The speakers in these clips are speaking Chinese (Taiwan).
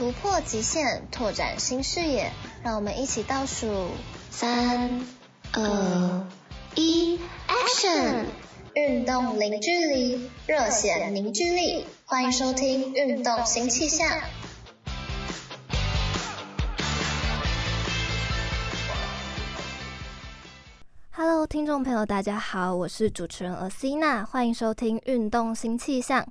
突破極限，拓展新視野，讓我們一起倒數三二一，Action！運動零距離，熱血凝聚力，歡迎收聽《運動新氣象》。哈嘍，聽眾朋友，大家好，我是主持人爾西娜，歡迎收聽《運動新氣象》。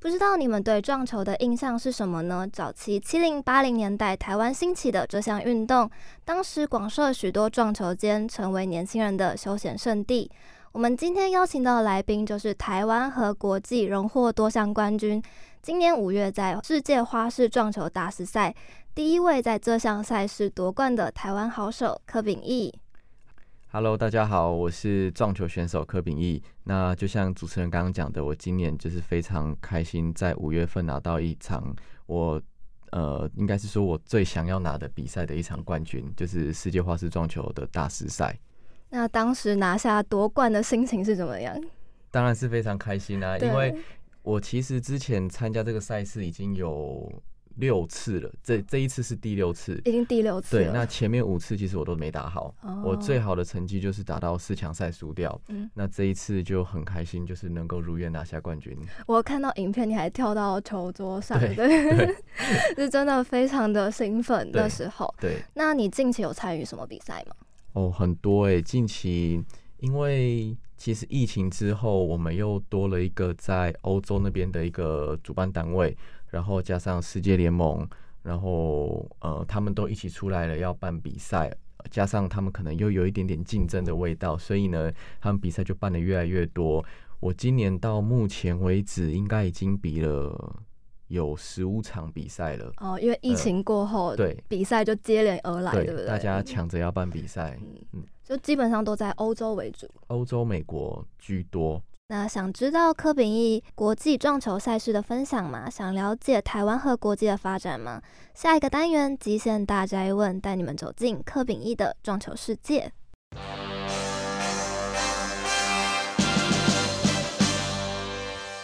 不知道你們對撞球的印象是什麼呢？早期七零八零年代，台灣興起的這項運動，當時廣設許多撞球間，成為年輕人的休閒勝地。我們今天邀請到的來賓，就是台灣和國際榮獲多項冠軍。今年五月，在世界花式撞球大師賽，第一位在這項賽事奪冠的台灣好手柯秉逸。Hello，大家好，我是撞球選手柯秉逸。那就像主持人剛剛講的，我今年就是非常開心，在五月份拿到一場我呃，應該是說我最想要拿的比賽的一場冠軍，就是世界花式撞球的大師賽。那當時拿下奪冠的心情是怎麼樣？當然是非常開心啊，因為我其實之前參加這個賽事已經有。六次了，這這一次是第六次，已經第六次了。對，那前面五次其實我都沒打好，哦、我最好的成績就是打到四強賽輸掉。嗯，那這一次就很開心，就是能夠如願拿下冠軍。我看到影片，你還跳到球桌上，對，對對 是真的非常的興奮的對時候。對，那你近期有參與什麼比賽嗎？哦，很多哎、欸，近期因為其實疫情之後，我們又多了一個在歐洲那邊的一個主辦單位。然後加上世界聯盟，然後呃，他們都一起出來了要辦比賽，加上他們可能又有一點點競爭的味道，所以呢，他們比賽就辦得越來越多。我今年到目前為止，應該已經比了有十五場比賽了。哦，因為疫情過後，呃、對，比賽就接連而來，對,對不對？大家搶着要辦比賽，嗯，就基本上都在歐洲為主，歐洲、美國居多。那想知道柯秉逸國際撞球賽事的分享嗎？想了解台灣和國際的發展嗎？下一個單元《極限大哉問》帶你們走進柯秉逸的撞球世界。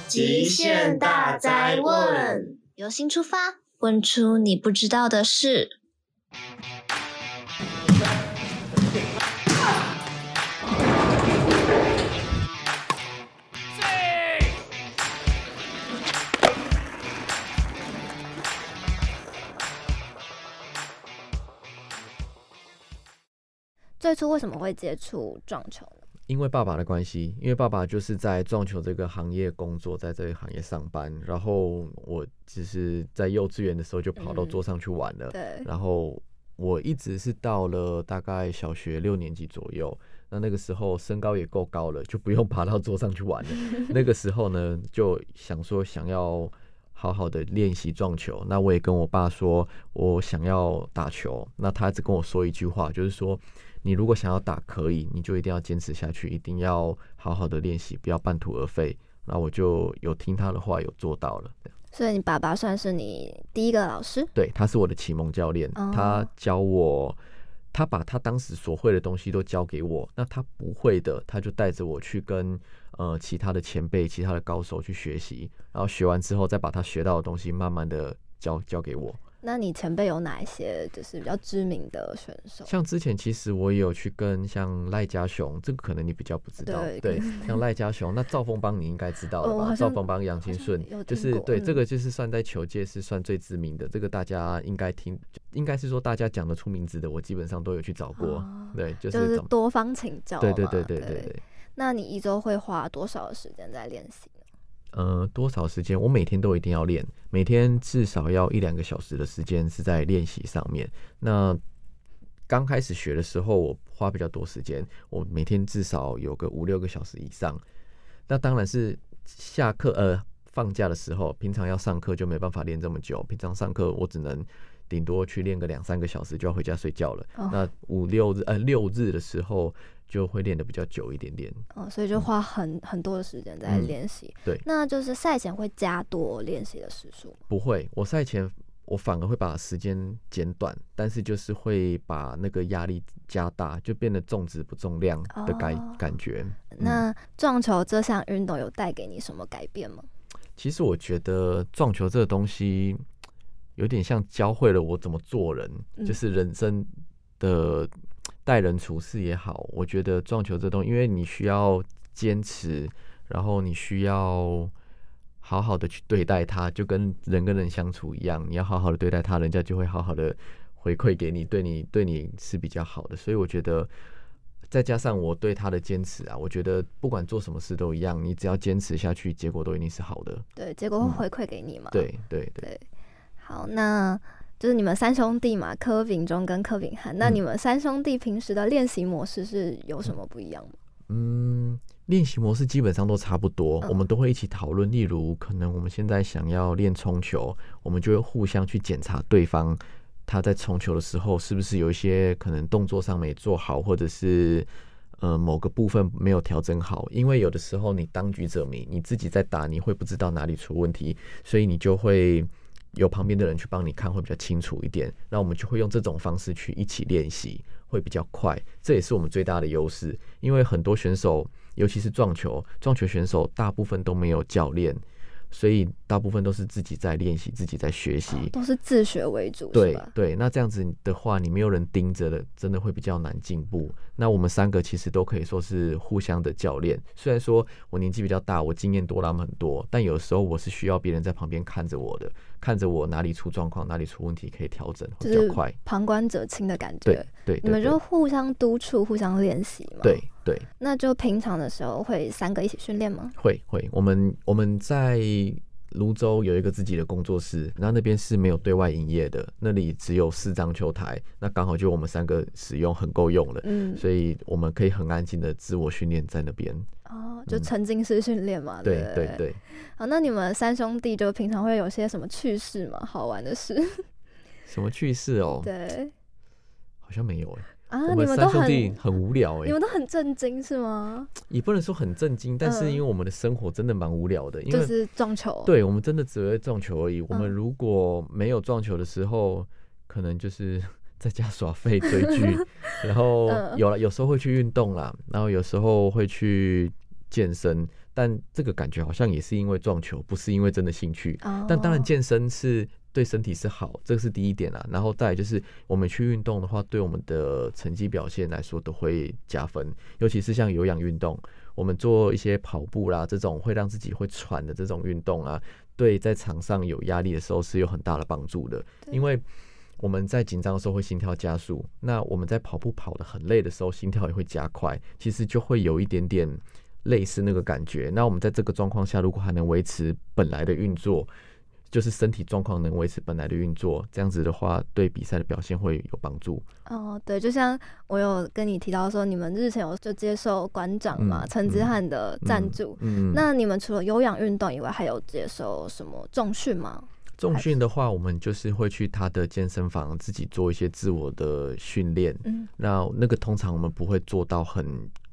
極限大哉問，由心出發，問出你不知道的事。最初為什麼會接觸撞球呢？因為爸爸的關係，因為爸爸就是在撞球這個行業工作，在這個行業上班。然後我只是在幼稚園的時候就跑到桌上去玩了。嗯、對。然後我一直是到了大概小學六年級左右，那那個時候身高也夠高了，就不用爬到桌上去玩了。 那個時候呢，就想說想要好好的練習撞球。那我也跟我爸說，我想要打球。那他只跟我說一句話，就是說。你如果想要打，可以，你就一定要堅持下去，一定要好好的練習，不要半途而廢。那我就有聽他的話，有做到了。所以你爸爸算是你第一個老師？對，他是我的啟蒙教練，Oh. 他教我，他把他當時所會的東西都教給我。那他不會的，他就帶着我去跟呃其他的前輩、其他的高手去學習，然後學完之後再把他學到的東西慢慢的教教給我。那你前輩有哪一些就是比較知名的選手？像之前其實我也有去跟像賴家雄，這個可能你比較不知道。對，對，像賴家雄，那趙豐邦你應該知道了吧？趙豐邦、楊清順，就是對這個就是算在球界是算最知名的，這個大家應該聽，應該是說大家講得出名字的，我基本上都有去找過。啊、對，就是、就是多方請教。對對，對對對對對對。那你一周會花多少時間在練習？呃，多少時間？我每天都一定要練，每天至少要一兩個小時的時間是在練習上面。那剛開始學的時候，我花比較多時間，我每天至少有個五六個小時以上。那當然是下課，呃，放假的時候，平常要上課就沒辦法練這麼久。平常上課我只能頂多去練個兩三個小時，就要回家睡覺了。Oh. 那五六日，呃，六日的時候。就會練得比較久一點點，哦，所以就花很、嗯、很多的時間在練習。嗯、對，那就是賽前會加多練習的時數嗎？不會，我賽前我反而會把時間減短，但是就是會把那個壓力加大，就變得重質不重量的感感覺。哦嗯、那撞球這項運動有帶給你什麼改變嗎？其實我覺得撞球這個東西有點像教會了我怎麼做人，嗯、就是人生的。待人處事也好，我覺得撞球這東西，因為你需要堅持，然後你需要好好的去對待他，就跟人跟人相處一樣，你要好好的對待他，人家就會好好的回饋給你，對你對你是比較好的。所以我覺得，再加上我對他的堅持啊，我覺得不管做什麼事都一樣，你只要堅持下去，結果都一定是好的。對，結果會回饋給你嘛？對、嗯、對。對，對，對，好，那。就是你們三兄弟嘛，柯秉中跟柯秉涵。那你們三兄弟平時的練習模式是有什麼不一樣嗎、嗯？嗯，練習模式基本上都差不多。嗯、我們都會一起討論，例如可能我們現在想要練衝球，我們就會互相去檢查對方他在衝球的時候是不是有一些可能動作上沒做好，或者是呃某個部分沒有調整好。因為有的時候你當局者迷，你自己在打你會不知道哪裡出問題，所以你就會。有旁邊的人去幫你看會比較清楚一點，那我們就會用這種方式去一起練習，會比較快。這也是我們最大的優勢，因為很多選手，尤其是撞球，撞球選手大部分都沒有教練，所以。大部分都是自己在練習，自己在學習、嗯，都是自學為主，對吧對。那這樣子的話，你沒有人盯着的，真的會比較難進步。那我們三個其實都可以說是互相的教練。雖然說我年紀比較大，我經驗多了很多，但有時候我是需要別人在旁邊看着我的，看着我哪裡出狀況，哪裡出問題可以調整，比較快。旁觀者清的感覺，對對，對，對對。你們就互相督促，互相練習嘛。對，對對。那就平常的時候會三個一起訓練嗎？會會，我們我們在，瀘州有一個自己的工作室，那那邊是沒有對外營業的，那裡只有四張球台，那剛好就我們三個使用，很夠用了，嗯，所以我們可以很安靜的自我訓練在那邊，哦，就沉浸式訓練嘛，嗯、對對對，對對對，好，那你們三兄弟就平常會有些什麼趣事嗎？好玩的事？什麼趣事哦？對，好像沒有哎。啊，我們三兄弟很無聊哎，欸，你們都很震驚是嗎？也不能說很震驚，但是因為我們的生活真的蠻無聊的，嗯、因為就是撞球。對，我們真的只會撞球而已。嗯、我們如果沒有撞球的時候，可能就是在家耍廢追劇， 然後有了有時候會去運動啦，然後有時候會去健身，但這個感覺好像也是因為撞球，不是因為真的興趣。哦、但當然健身是。對身體是好，這個是第一點啊。然後，再就是我們去運動的話，對我們的成績表現來說都會加分。尤其是像有氧運動，我們做一些跑步啦這種會讓自己會喘的這種運動啊，對在場上有壓力的時候是有很大的幫助的。對因為我們在緊張的時候會心跳加速，那我們在跑步跑得很累的時候，心跳也會加快，其實就會有一點點類似那個感覺。那我們在這個狀況下，如果還能維持本來的運作。就是身體狀況能維持本來的運作，這樣子的話，對比賽的表現會有幫助。哦，對，就像我有跟你提到說，你們日前有就接受館長嘛，陳之漢的贊助嗯，嗯，那你們除了有氧運動以外，還有接受什麼重訓嗎？重訓的話，是我們就是會去他的健身房自己做一些自我的訓練。嗯，那那個通常我們不會做到很。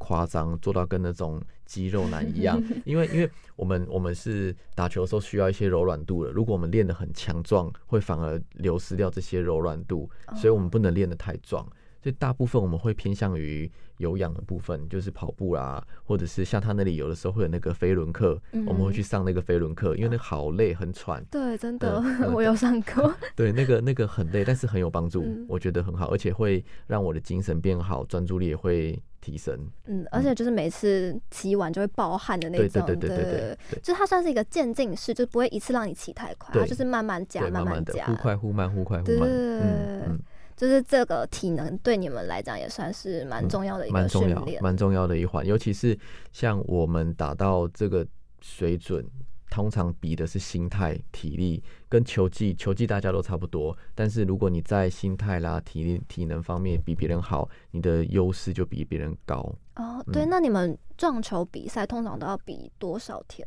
誇張，做到跟那種肌肉男一樣，因為因為我們我們是打球的時候需要一些柔軟度的，如果我們練得很強壯，會反而流失掉這些柔軟度，所以我們不能練得太壯。所以大部分我們會偏向於有氧的部分，就是跑步啊，或者是像他那裡有的時候會有那個飛輪課，嗯、我們會去上那個飛輪課，因為那好累，很喘。對，真的，呃、我有上課、嗯。對，那個那個很累，但是很有幫助，嗯、我覺得很好，而且會讓我的精神變好，專注力也會。提升，嗯，而且就是每次騎完就會爆汗的那種，對對對對對,對，就它算是一個漸進式，就不會一次讓你騎太快，對，它就是慢慢加，慢慢的，加，忽快忽慢，忽快忽慢，嗯，就是這個體能對你們來講也算是蠻重要的一個訓練，嗯、蠻重要、蠻重要的一環，尤其是像我們達到這個水準，通常比的是心態、體力。跟球技，球技，大家都差不多，但是如果你在心態啦、體力、體能方面比別人好，你的優勢就比別人高。哦，對，嗯，那你們撞球比賽通常都要比多少天？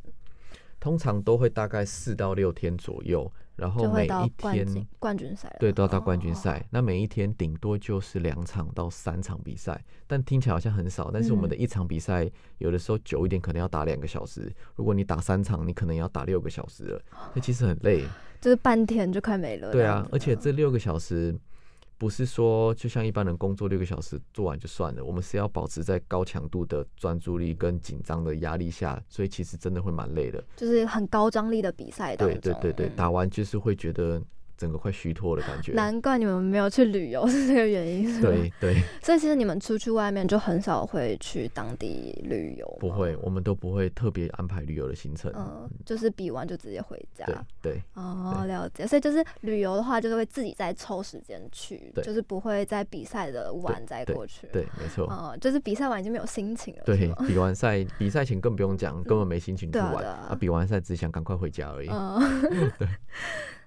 通常都會大概四到六天左右。然後每一天就會到冠軍賽。對，都要到冠軍賽。哦、那每一天頂多就是兩場到三場比賽，但聽起來好像很少。但是我們的一場比賽有的時候久一點，可能要打兩個小時。嗯、如果你打三場，你可能要打六個小時了。那、哦、其實很累，就是半天就快沒了。對啊，而且這六個小時。不是說，就像一般人工作六個小時做完就算了，我們是要保持在高強度的專注力跟緊張的壓力下，所以其實真的會蠻累的，就是很高張力的比賽當中，對對對對，打完就是會覺得，整個快虛脫的感覺。難怪你們沒有去旅遊是這個原因是嗎？是對對。對所以其實你們出去外面就很少會去當地旅遊？不會，我們都不會特別安排旅遊的行程，嗯，就是比完就直接回家，對、對哦，了解。對所以就是旅遊的話，就是會自己再抽時間去，對就是不會在比賽的晚再過去，對、對、對，沒錯，嗯，就是比賽完已經沒有心情了，對，比完賽，比賽前更不用講，根本沒心情去玩，對啊、對啊、啊，比完賽只想趕快回家而已， 對。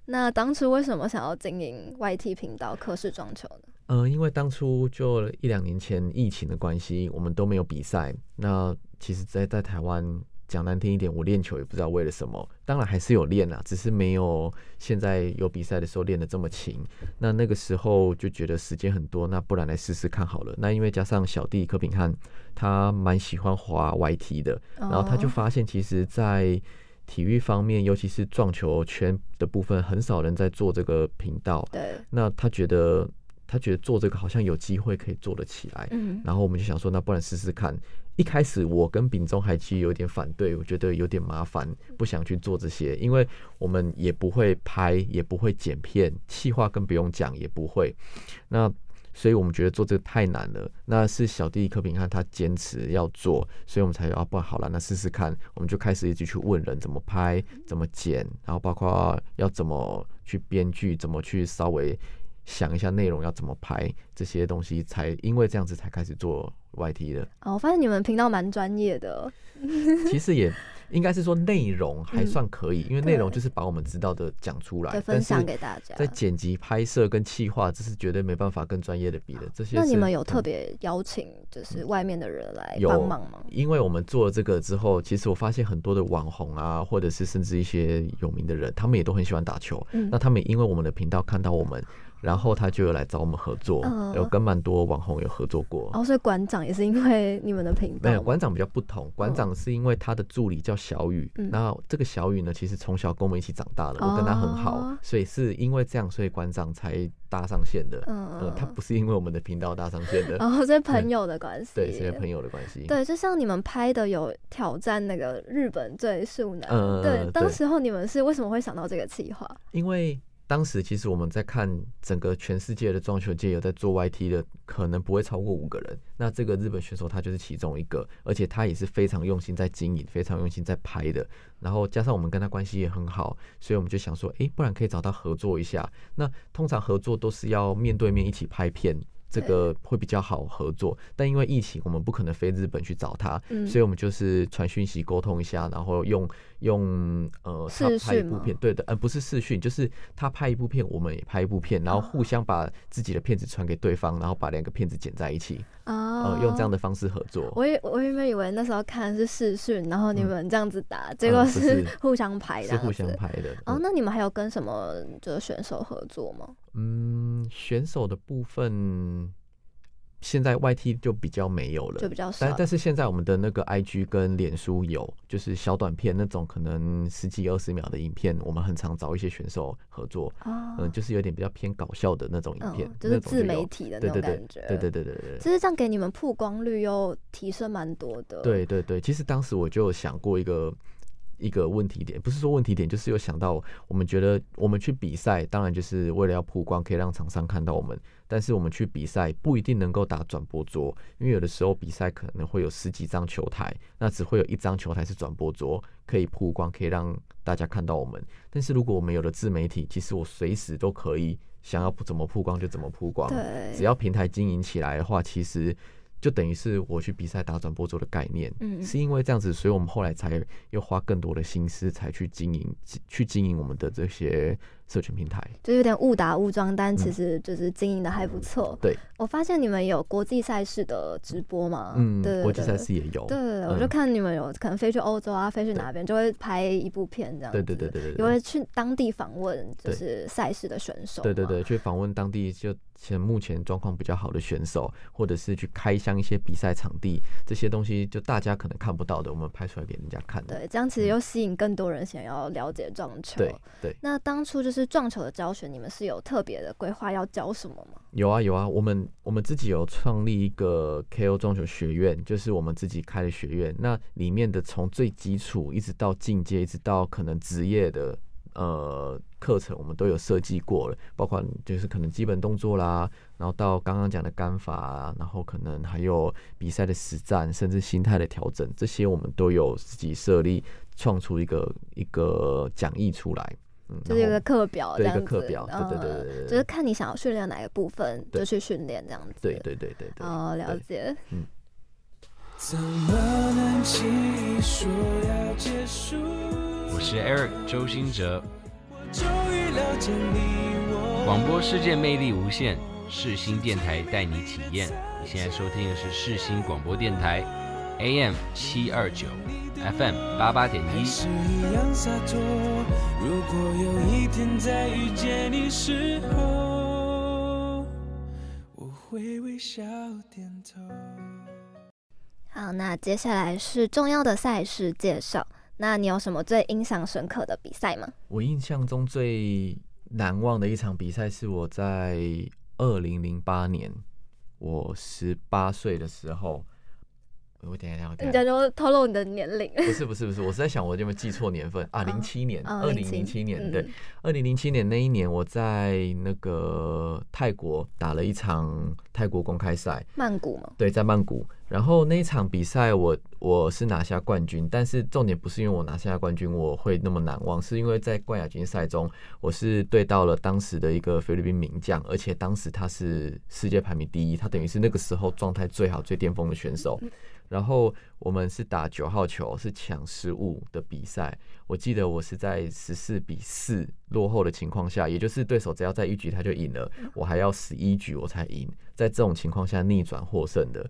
那當初為什麼想要經營 YT 頻道柯氏撞球呢？呃，因為當初就一兩年前疫情的關係，我們都沒有比賽。那其實在，在在台灣講難聽一點，我練球也不知道為了什麼，當然還是有練啊，只是沒有現在有比賽的時候練得這麼勤。那那個時候就覺得時間很多，那不然來試試看好了。那因為加上小弟柯秉翰，他蠻喜歡滑 YT 的，哦、然後他就發現其實在。體育方面，尤其是撞球圈的部分，很少人在做這個頻道。對，那他覺得，他覺得做這個好像有機會可以做得起來。嗯，然後我們就想說，那不然試試看。一開始我跟秉逸還其實有點反對，我覺得有點麻煩，不想去做這些，因為我們也不會拍，也不會剪片，企劃更不用講，也不會。那所以我們覺得做這個太難了，那是小弟柯平他堅持要做，所以我們才要、啊、不好了，那試試看。我們就開始一直去問人怎麼拍、怎麼剪，然後包括要怎麼去編劇、怎麼去稍微想一下內容要怎麼拍這些東西才，才因為這樣子才開始做 YT 的。哦，我發現你們頻道蠻專業的， 其實也。應該是說內容還算可以，嗯、因為內容就是把我們知道的講出來，分享給大家。在剪輯、拍攝跟企劃，這是絕對沒辦法跟專業的比的。好這些，那你們有特別邀請就是外面的人來幫忙嗎、嗯？因為我們做了這個之後，其實我發現很多的網紅啊，或者是甚至一些有名的人，他們也都很喜歡打球。嗯、那他們也因為我們的頻道看到我們。然後他就有來找我們合作，有跟蠻多網紅有合作過。哦，所以館長也是因為你們的頻道。沒有，館長比較不同，館長是因為他的助理叫小雨，然後這個小雨呢，其實從小跟我們一起長大的，我跟他很好，所以是因為這樣，所以館長才搭上線的。嗯，他不是因為我們的頻道搭上線的。哦，所以朋友的關係。對，是因為朋友的關係。對，就像你們拍的有挑戰那個日本最速男，對，當時候你們是為什麼會想到這個企劃？因為。當時其實我們在看整個全世界的撞球界，有在做 YT 的，可能不會超過五個人。那這個日本選手他就是其中一個，而且他也是非常用心在經營，非常用心在拍的。然後加上我們跟他關係也很好，所以我們就想說，哎、欸，不然可以找他合作一下。那通常合作都是要面對面一起拍片。這個會比較好合作，但因為疫情，我們不可能飛日本去找他，嗯、所以我們就是傳訊息溝通一下，然後用用呃，視訊，拍一部片，對的，呃，不是視訊，就是他拍一部片，我們也拍一部片，然後互相把自己的片子傳給對方，然後把兩個片子剪在一起，啊、哦呃，用這樣的方式合作。我也我原本以為那時候看的是視訊，然後你們這樣子打，嗯、結果是互相拍的，是互相拍的。哦，那你們還有跟什麼就選手合作嗎？嗯。選手的部分，現在 Y T 就比較沒有了，就比較少。但但是現在我們的那個 I G 跟臉書有，就是小短片那種，可能十幾二十秒的影片，我們很常找一些選手合作，哦、嗯，就是有點比較偏搞笑的那種影片，嗯、就是自媒體的那種，對對對，感覺，對對，對對對對對，就是這樣給你們曝光率又提升蠻多的。對對對，其實當時我就想過一個。一個問題點，不是說問題點，就是有想到我們覺得我們去比賽，當然就是為了要曝光，可以讓廠商看到我們。但是我們去比賽不一定能夠打轉播桌，因為有的時候比賽可能會有十幾張球台，那只會有一張球台是轉播桌，可以曝光，可以讓大家看到我們。但是如果我們有了自媒體，其實我隨時都可以想要怎麼曝光就怎麼曝光，只要平台經營起來的話，其實。就等於是我去比賽打轉播做的概念，嗯，是因為這樣子，所以我們後來才又花更多的心思，才去經營，去經營我們的這些。社群平台就有點誤打誤撞，但其實就是經營的還不錯，嗯。對，我發現你們有國際賽事的直播嗎？嗯，對，對，對，國際賽事也有。對、嗯、我就看你們有可能飛去歐洲啊，飛去哪邊對就會拍一部片這樣子。對對對對對。也會去當地訪問，就是賽事的選手。對對，對對對，去訪問當地就目前狀況比較好的選手，或者是去開箱一些比賽場地這些東西，就大家可能看不到的，我們拍出來給人家看。對，這樣其實又吸引更多人想要了解撞球。對，對，對。那當初就是。是撞球的教學，你們是有特別的規劃要教什麼嗎？有啊有啊，我們我們自己有創立一個 KO 撞球學院，就是我們自己開的學院。那裡面的從最基礎一直到進階，一直到可能職業的呃課程，我們都有設計過了。包括就是可能基本動作啦，然後到剛剛講的桿法啊，然後可能還有比賽的實戰，甚至心態的調整，這些我們都有自己設立創出一個一個講義出來。嗯、就是一個課表這樣子，個課表，嗯、對對對，就是看你想要訓練哪一個部分，對就去訓練這樣子。對對對對對。哦，了解。對嗯。怎麼能輕易說要結束，我是 Eric 周興哲。我終於了解你我，廣播世界魅力無限，世新電台帶你體驗。你現在收聽的是世新廣播電台。AM 七二九，FM 八八點一。是一樣灑脫，如果有一天再遇見你時候，我會微笑點頭。好，那接下來是重要的賽事介紹。那你有什麼最印象深刻的比賽嗎？我印象中最難忘的一場比賽是我在二零零八年，我十八歲的時候。我等一下，我等一下，人家說透露你的年齡，不是不是不是，我是在想我有沒有記錯年份 啊？零七年，二零零七年，嗯、對，二零零七年那一年我在那個泰國打了一場。泰國公開賽，曼谷嗎？對，在曼谷。然後那一場比賽，我我是拿下冠軍。但是重點不是因為我拿下冠軍，我會那麼難忘，是因為在冠亞軍賽中，我是對到了當時的一個菲律賓名將，而且當時他是世界排名第一，他等於是那個時候狀態最好、最巔峰的選手。然後我們是打九號球，是搶十五的比賽。我記得我是在十四比四落後的情況下，也就是對手只要再一局他就贏了，我還要十一局我才贏。在這種情況下逆轉獲勝的，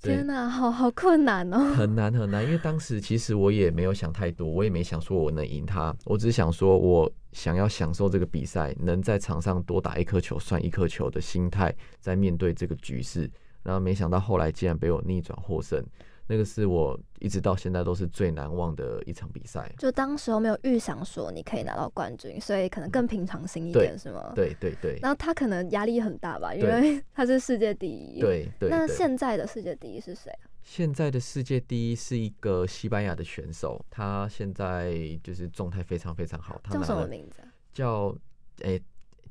天哪，好好困難哦，很難很難，因為當時其實我也沒有想太多，我也沒想說我能贏他，我只想說我想要享受這個比賽，能在場上多打一顆球算一顆球的心態，在面對這個局勢，然後沒想到後來竟然被我逆轉獲勝。那個是我一直到現在都是最難忘的一場比賽。就當時候沒有預想說你可以拿到冠軍，所以可能更平常心一點、嗯、是嗎？對對對。對對然後他可能壓力很大吧，因為他是世界第一。對對。對對那現在的世界第一是誰、啊？現在的世界第一是一個西班牙的選手，他現在就是狀態非常非常好。他叫什麼名字、啊？叫誒、欸。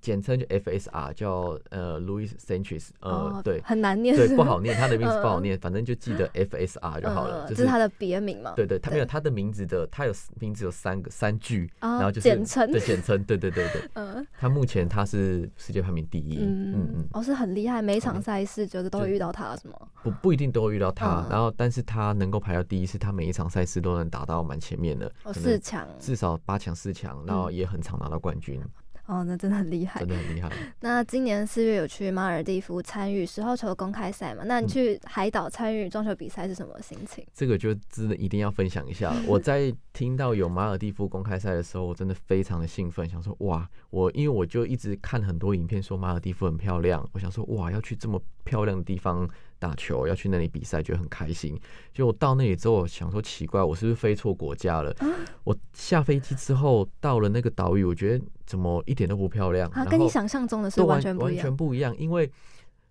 簡稱就 F S R，叫呃 Luis Sanchez，呃對，很難念，對不好念，他的名字不好念，反正就記得 F S R 就好了，這是他的別名嗎？對對，他沒有他的名字的，他有名字有三個三句，然後就簡稱。的簡稱，對對對對，嗯，他目前他是世界排名第一，嗯嗯嗯，哦是很厲害，每一場賽事就是都會遇到他，什麼？不不一定都會遇到他，然後但是他能夠排到第一是，他每一場賽事都能打到蠻前面的，哦四強，至少八強四強，然後也很常拿到冠軍。哦，那真的很厲害，真的很厲害。 那今年四月有去馬爾地夫參與十號球公開賽嘛？那你去海島參與撞球比賽是什麼心情？這個就真的一定要分享一下了。的我在聽到有馬爾地夫公開賽的時候，我真的非常的興奮，想說哇，我因為我就一直看很多影片說馬爾地夫很漂亮，我想說哇，要去這麼漂亮的地方。打球要去那裡比賽，覺得很開心。所以我到那裡之後，我想說奇怪，我是不是飛錯國家了？啊、我下飛機之後到了那個島嶼，我覺得怎麼一點都不漂亮啊！然後，跟你想象中的是完全完，完全不一樣。因為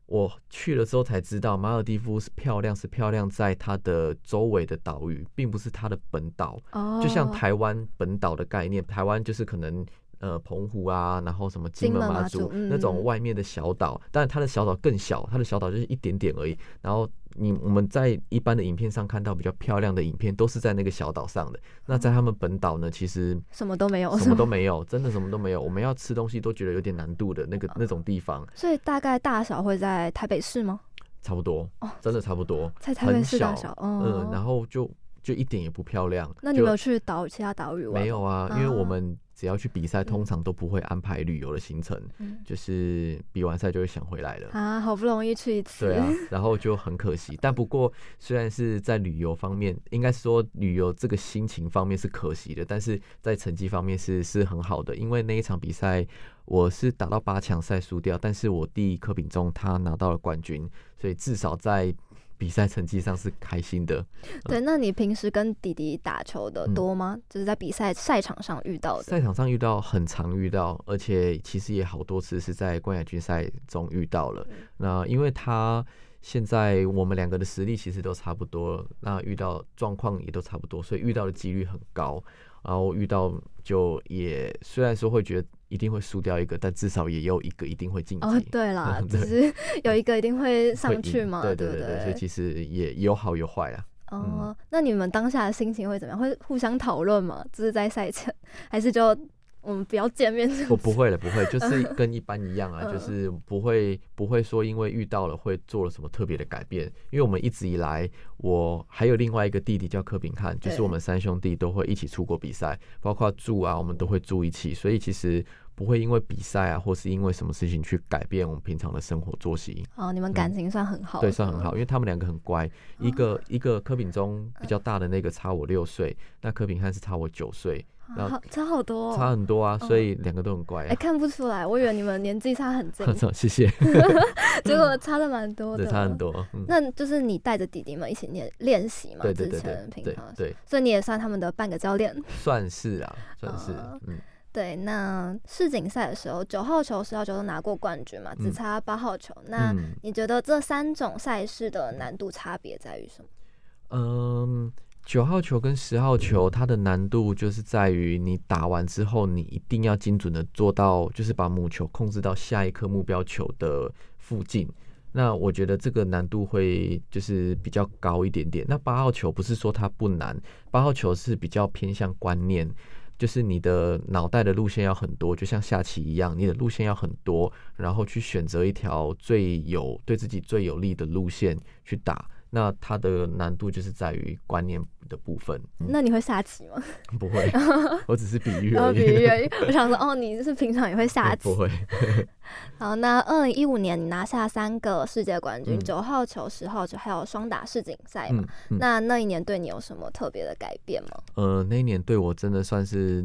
我去了之後才知道，馬爾地夫是漂亮，是漂亮在它的周圍的島嶼，並不是它的本島。哦、就像台灣本島的概念，台灣就是可能。呃，澎湖啊，然後什麼金門馬祖那種外面的小島，但它的小島更小，它的小島就是一點點而已。然後你，我們在一般的影片上看到比較漂亮的影片，都是在那個小島上的。那在他們本島呢，其實什麼都沒有，什麼都沒有，真的什麼都沒有。我們要吃東西都覺得有點難度的那個那種地方。所以大概大小會在台北市嗎？差不多哦，真的差不多，在台北市大小，嗯，然後就就一點也不漂亮。那你有去島其他島嶼玩？沒有啊，因為我們。只要去比賽，通常都不會安排旅遊的行程，嗯、就是比完賽就會想回來了啊！好不容易去一次，對啊，然後就很可惜。 但不過，雖然是在旅遊方面，應該說旅遊這個心情方面是可惜的，但是在成績方面是是很好的，因為那一場比賽我是打到八強賽輸掉，但是我弟柯秉中他拿到了冠軍，所以至少在。比賽成績上是開心的，對。那你平時跟弟弟打球的多嗎？嗯、就是在比賽賽場上遇到的。賽場上遇到很常遇到，而且其實也好多次是在冠亞軍賽中遇到了。嗯、那因為他現在我們兩個的實力其實都差不多，那遇到狀況也都差不多，所以遇到的幾率很高。然後遇到就也雖然說會覺得。一定會輸掉一個，但至少也有一個一定會晉級。哦，對啦，就、嗯、是有一個一定會上去嘛，對對對，對對對，所以其實也有好有壞啊。哦，嗯、那你們當下的心情會怎麼樣？會互相討論嗎？就是在賽程，還是就我們不要見面是不是？我不會了，不會，就是跟一般一樣啊， 就是不會不會說因為遇到了會做了什麼特別的改變。因為我們一直以來，我還有另外一個弟弟叫柯炳翰，就是我們三兄弟都會一起出國比賽，對包括住啊，我們都會住一起，所以其實。不會因為比賽啊，或是因為什麼事情去改變我們平常的生活作息哦。你們感情算很好。對，算很好，因為他們兩個很乖。一個一個柯秉中比較大的那個差我六歲，那柯秉漢是差我九歲。差好多，差很多啊。所以兩個都很乖。哎，看不出來，我以為你們年紀差很近。謝謝。結果差的蠻多，差很多。那就是你帶着弟弟們一起練練習嘛。對，對，平常，對。所以你也算他們的半個教練。算是啊，算是，嗯。對，那世錦賽的時候，九號球、十號球都拿過冠軍嘛，只差八號球。嗯，那你覺得這三種賽事的難度差別在於什麼？嗯，九號球跟十號球，它的難度就是在於你打完之後，你一定要精準的做到，就是把母球控制到下一顆目標球的附近。那我覺得這個難度會就是比較高一點點。那八號球不是說它不難，八號球是比較偏向觀念。就是你的腦袋的路線要很多，就像下棋一樣，你的路線要很多，然後去選擇一條最有，對自己最有利的路線去打。那它的難度就是在於觀念的部分。嗯、那你會下棋嗎？不會， 我只是比喻而已 比喻。 我想說，哦，你是平常也會下棋？不會。 好，那二零一五年你拿下三個世界冠軍，九、嗯、號球、十號球，還有雙打世錦賽嘛？嗯嗯、那那一年對你有什麼特別的改變嗎？呃，那一年對我真的算是。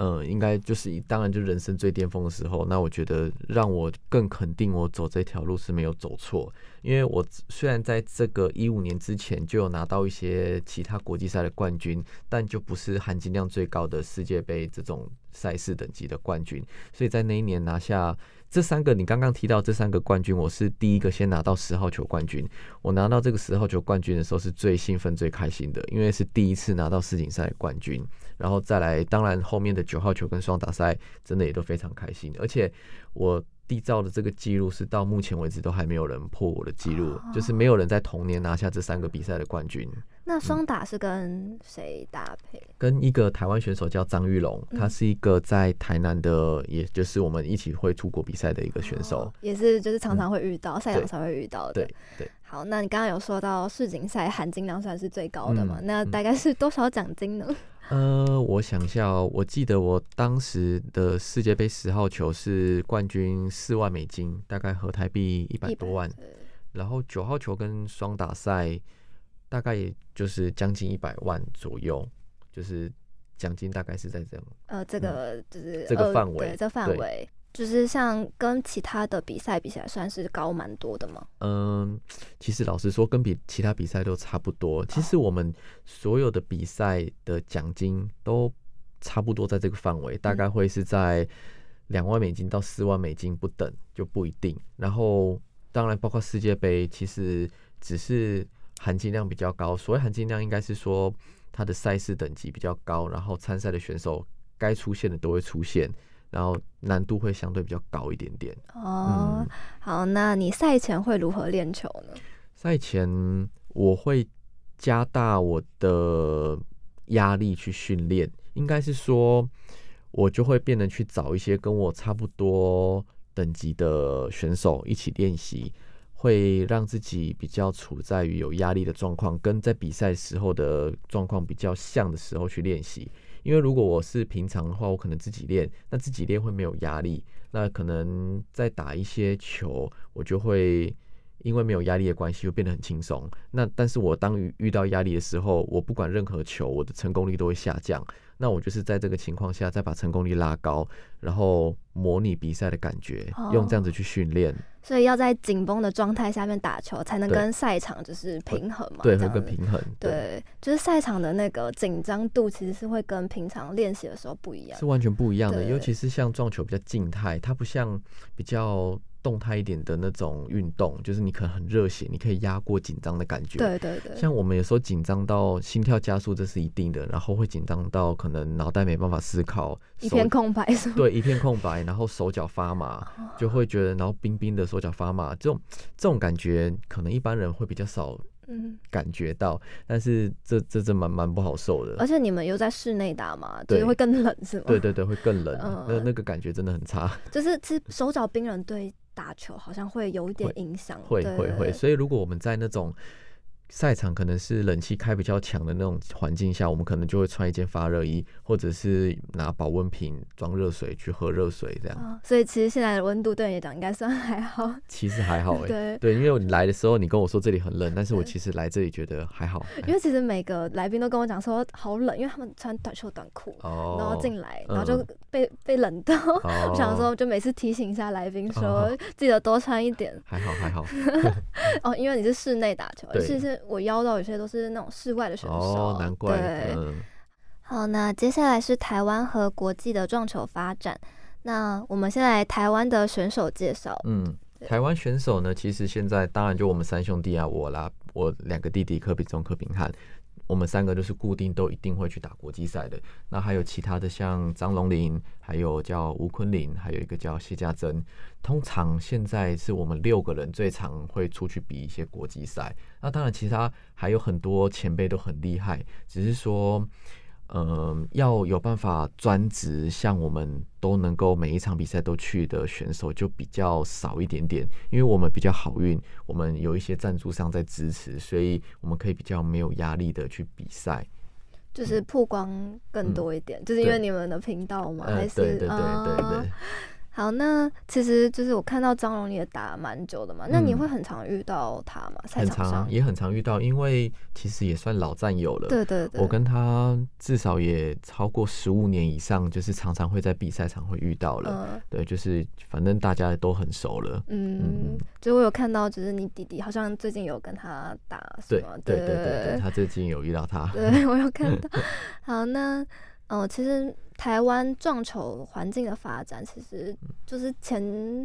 嗯，應該就是當然，就人生最巔峰的時候。那我覺得讓我更肯定，我走這條路是沒有走錯。因為我雖然在這個一五年之前就有拿到一些其他國際賽的冠軍，但就不是含金量最高的世界杯這種賽事等級的冠軍。所以在那一年拿下這三個，你剛剛提到這三個冠軍，我是第一個先拿到十號球冠軍。我拿到這個十號球冠軍的時候是最興奮、最開心的，因為是第一次拿到世錦賽冠軍。然後再來，當然後面的九號球跟雙打賽真的也都非常開心，而且我締造的這個記錄是到目前為止都還沒有人破我的記錄，哦、就是沒有人在同年拿下這三個比賽的冠軍。那雙打是跟誰搭配？嗯、跟一個台灣選手叫張玉龍，嗯、他是一個在台南的，也就是我們一起會出國比賽的一個選手，哦、也是就是常常會遇到，嗯、賽場上會遇到的。對對。對對好，那你剛剛有說到世錦賽含金量算是最高的嘛？嗯、那大概是多少獎金呢？嗯嗯呃，我想一下、哦，我記得我當時的世界杯十號球是冠軍四萬美金，大概合台幣一百多萬。是然後九號球跟雙打賽，大概也就是將近一百萬左右，就是獎金大概是在這樣。呃，這個就是、嗯、這個範圍、哦，這範圍。對。就是像跟其他的比賽比起來，算是高蠻多的嗎？嗯，其實老實說，跟比其他比賽都差不多。Oh. 其實我們所有的比賽的獎金都差不多在這個範圍，嗯，大概會是在兩萬美金到四萬美金不等，就不一定。然後當然包括世界杯，其實只是含金量比較高。所謂含金量，應該是說它的賽事等級比較高，然後參賽的選手該出現的都會出現。然後難度會相對比較高一點點哦。嗯、好，那你賽前會如何練球呢？賽前我會加大我的壓力去訓練，應該是說，我就會變得去找一些跟我差不多等級的選手一起練習，會讓自己比較處在於有壓力的狀況，跟在比賽時候的狀況比較像的時候去練習。因為如果我是平常的話，我可能自己練，那自己練會沒有壓力，那可能在打一些球，我就會因為沒有壓力的關係，會變得很輕鬆。那但是我當遇到壓力的時候，我不管任何球，我的成功率都會下降。那我就是在這個情況下，再把成功率拉高，然後模擬比賽的感覺，oh. 用這樣子去訓練。所以要在緊繃的狀態下面打球，才能跟賽場就是平衡嘛。對，會更平衡。對，就是賽場的那個緊張度，其實是會跟平常練習的時候不一樣。是完全不一樣的，尤其是像撞球比較靜態，它不像比較，動態一點的那種運動，就是你可能很熱血，你可以壓過緊張的感覺。對對對。像我們有時候緊張到心跳加速，這是一定的，然後會緊張到可能腦袋沒辦法思考，一片空白。對，一片空白，然後手腳發麻， 就會覺得然後冰冰的手腳發麻，這種這種感覺可能一般人會比較少，嗯，感覺到，嗯、但是這這這蠻蠻不好受的。而且你們又在室內打嘛，對，會更冷是嗎？對，對對對，會更冷，嗯、那那個感覺真的很差。就是其實手腳冰冷對。打球好像會有一點影響，會對會會，所以如果我們在那種，賽場可能是冷氣開比較強的那種環境下，我們可能就會穿一件發熱衣，或者是拿保溫瓶裝熱水去喝熱水這樣、嗯。所以其實現在的溫度對你來講應該算還好。其實還好哎、欸。對對，因為我來的時候你跟我說這裡很冷，但是我其實來這裡覺得還好。對還好因為其實每個來賓都跟我講說好冷，因為他們穿短袖短褲，哦、然後進來，然後就被、嗯、被冷到。哦、 我想說就每次提醒一下來賓，說記得多穿一點。還好、哦、還好。還好 哦，因為你是室內打球，其對、就是。我邀到有些都是那種室外的選手，哦、難怪。對嗯、好，那接下來是台灣和國際的撞球發展。那我們先來台灣的選手介紹。嗯，對台灣選手呢，其實現在當然就我們三兄弟啊，我啦，我兩個弟弟柯秉中、柯秉翰。我們三個都是固定，都一定會去打國際賽的。那還有其他的，像張榮麟，還有叫吳坤霖，還有一個叫謝家珍。通常現在是我們六個人最常會出去比一些國際賽。那當然，其他還有很多前輩都很厲害，只是說。嗯，要有辦法專職，像我們都能夠每一場比賽都去的選手就比較少一點點，因為我們比較好運，我們有一些贊助商在支持，所以我們可以比較沒有壓力的去比賽，就是曝光更多一點，嗯嗯、就是因為你們的頻道嘛，對、還是、呃、對對對、嗯、對對對對。好，那其實就是我看到張榮也打蠻久的嘛，那你會很常遇到他嗎？嗯、賽場上很常，也很常遇到，因為其實也算老戰友了。對對對，我跟他至少也超過十五年以上，就是常常會在比賽場會遇到了。嗯、對，就是反正大家都很熟了。嗯，嗯就我有看到，就是你弟弟好像最近有跟他打，對對對對，他最近有遇到他。對，我有看到。 好，那哦、呃，其實。台灣撞球環境的發展，其實就是前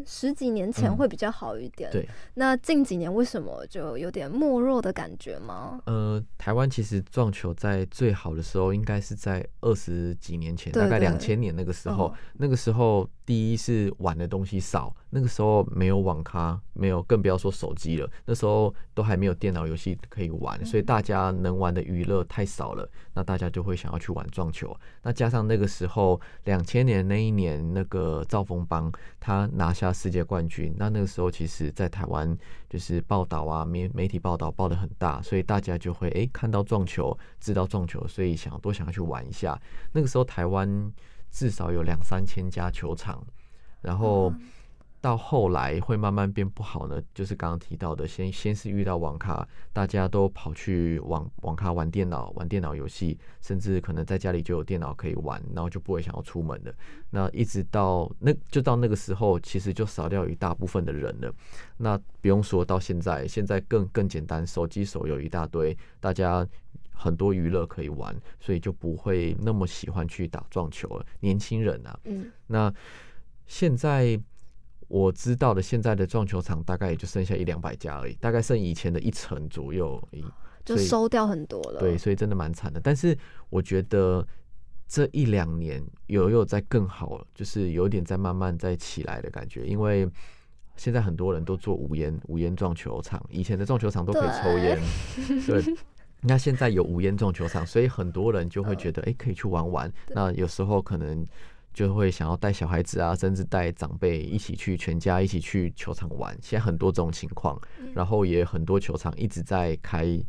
十幾年前會比較好一點。嗯、對，那近幾年為什麼就有點沒落的感覺嗎？呃，台灣其實撞球在最好的時候，應該是在二十幾年前，對對對大概兩千年那個時候。哦、那個時候，第一是玩的東西少，那個時候沒有網咖，沒有更不要說手機了，那時候都還沒有電腦遊戲可以玩，嗯、所以大家能玩的娛樂太少了，那大家就會想要去玩撞球。那加上那個時候，兩千年那一年，那個趙豐邦他拿下世界冠軍。那那個時候，其實在台灣就是報道啊，媒媒體報道報得很大，所以大家就會誒看到撞球，知道撞球，所以想多想要去玩一下。那個時候，台灣至少有兩三千家球場，然後。到後來會慢慢變不好呢，就是剛剛提到的，先先是遇到網咖，大家都跑去網網咖玩電腦，玩電腦遊戲，甚至可能在家裡就有電腦可以玩，然後就不會想要出門了。那一直到那就到那個時候，其實就少掉一大部分的人了。那不用說到現在，現在更更簡單，手機手遊一大堆，大家很多娛樂可以玩，所以就不會那麼喜歡去打撞球了。年輕人啊，嗯，那現在。我知道的，現在的撞球場大概也就剩下一兩百家而已，大概剩以前的一成左右，就收掉很多了。對，所以真的蠻慘的。但是我覺得這一兩年有又在更好，就是有一點在慢慢在起來的感覺。因為現在很多人都做無煙無煙撞球場，以前的撞球場都可以抽煙，對， 對。那現在有無煙撞球場，所以很多人就會覺得，哎、哦，欸，可以去玩玩。對那有時候可能。就會想要帶小孩子啊，甚至帶長輩一起去，全家一起去球場玩，現在很多這種情況，嗯、然後也很多球場一直在開。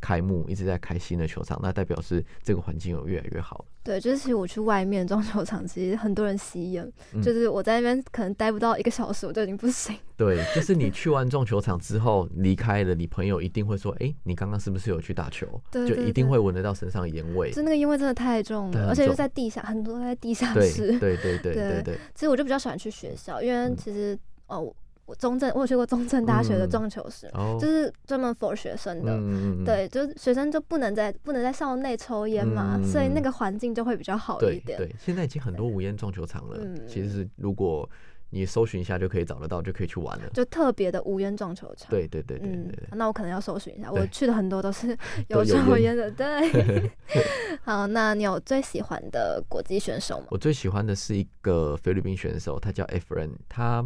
開幕一直在開新的球場，那代表是這個環境有越來越好。對，就是其實我去外面撞球場，其實很多人吸煙，嗯、就是我在那邊可能待不到一個小時，我就已經不行。對，就是你去完撞球場之後離開了，你朋友一定會說：“哎對、欸，你剛剛是不是有去打球？”對、對、對，就一定會聞得到身上煙味。就那個煙味真的太重了，重而且就在地下，很多人在地下室。對對對對對、對、對、對。其實我就比較喜歡去學校，因為其實、嗯、哦。中正，我有去過中正大學的撞球室，就是專門 for 學生的，對，就是學生就不能在不能在校內抽菸嘛，所以那個環境就會比較好一點。對，對，現在已經很多無菸撞球場了，其實是如果你搜尋一下就可以找得到，就可以去玩了，就特別的無菸撞球場。對，對，對，對，對。那我可能要搜尋一下，我去的很多都是有抽菸的。對。好，那你有最喜歡的國際選手嗎？我最喜歡的是一個菲律賓選手，他叫 Efren 他。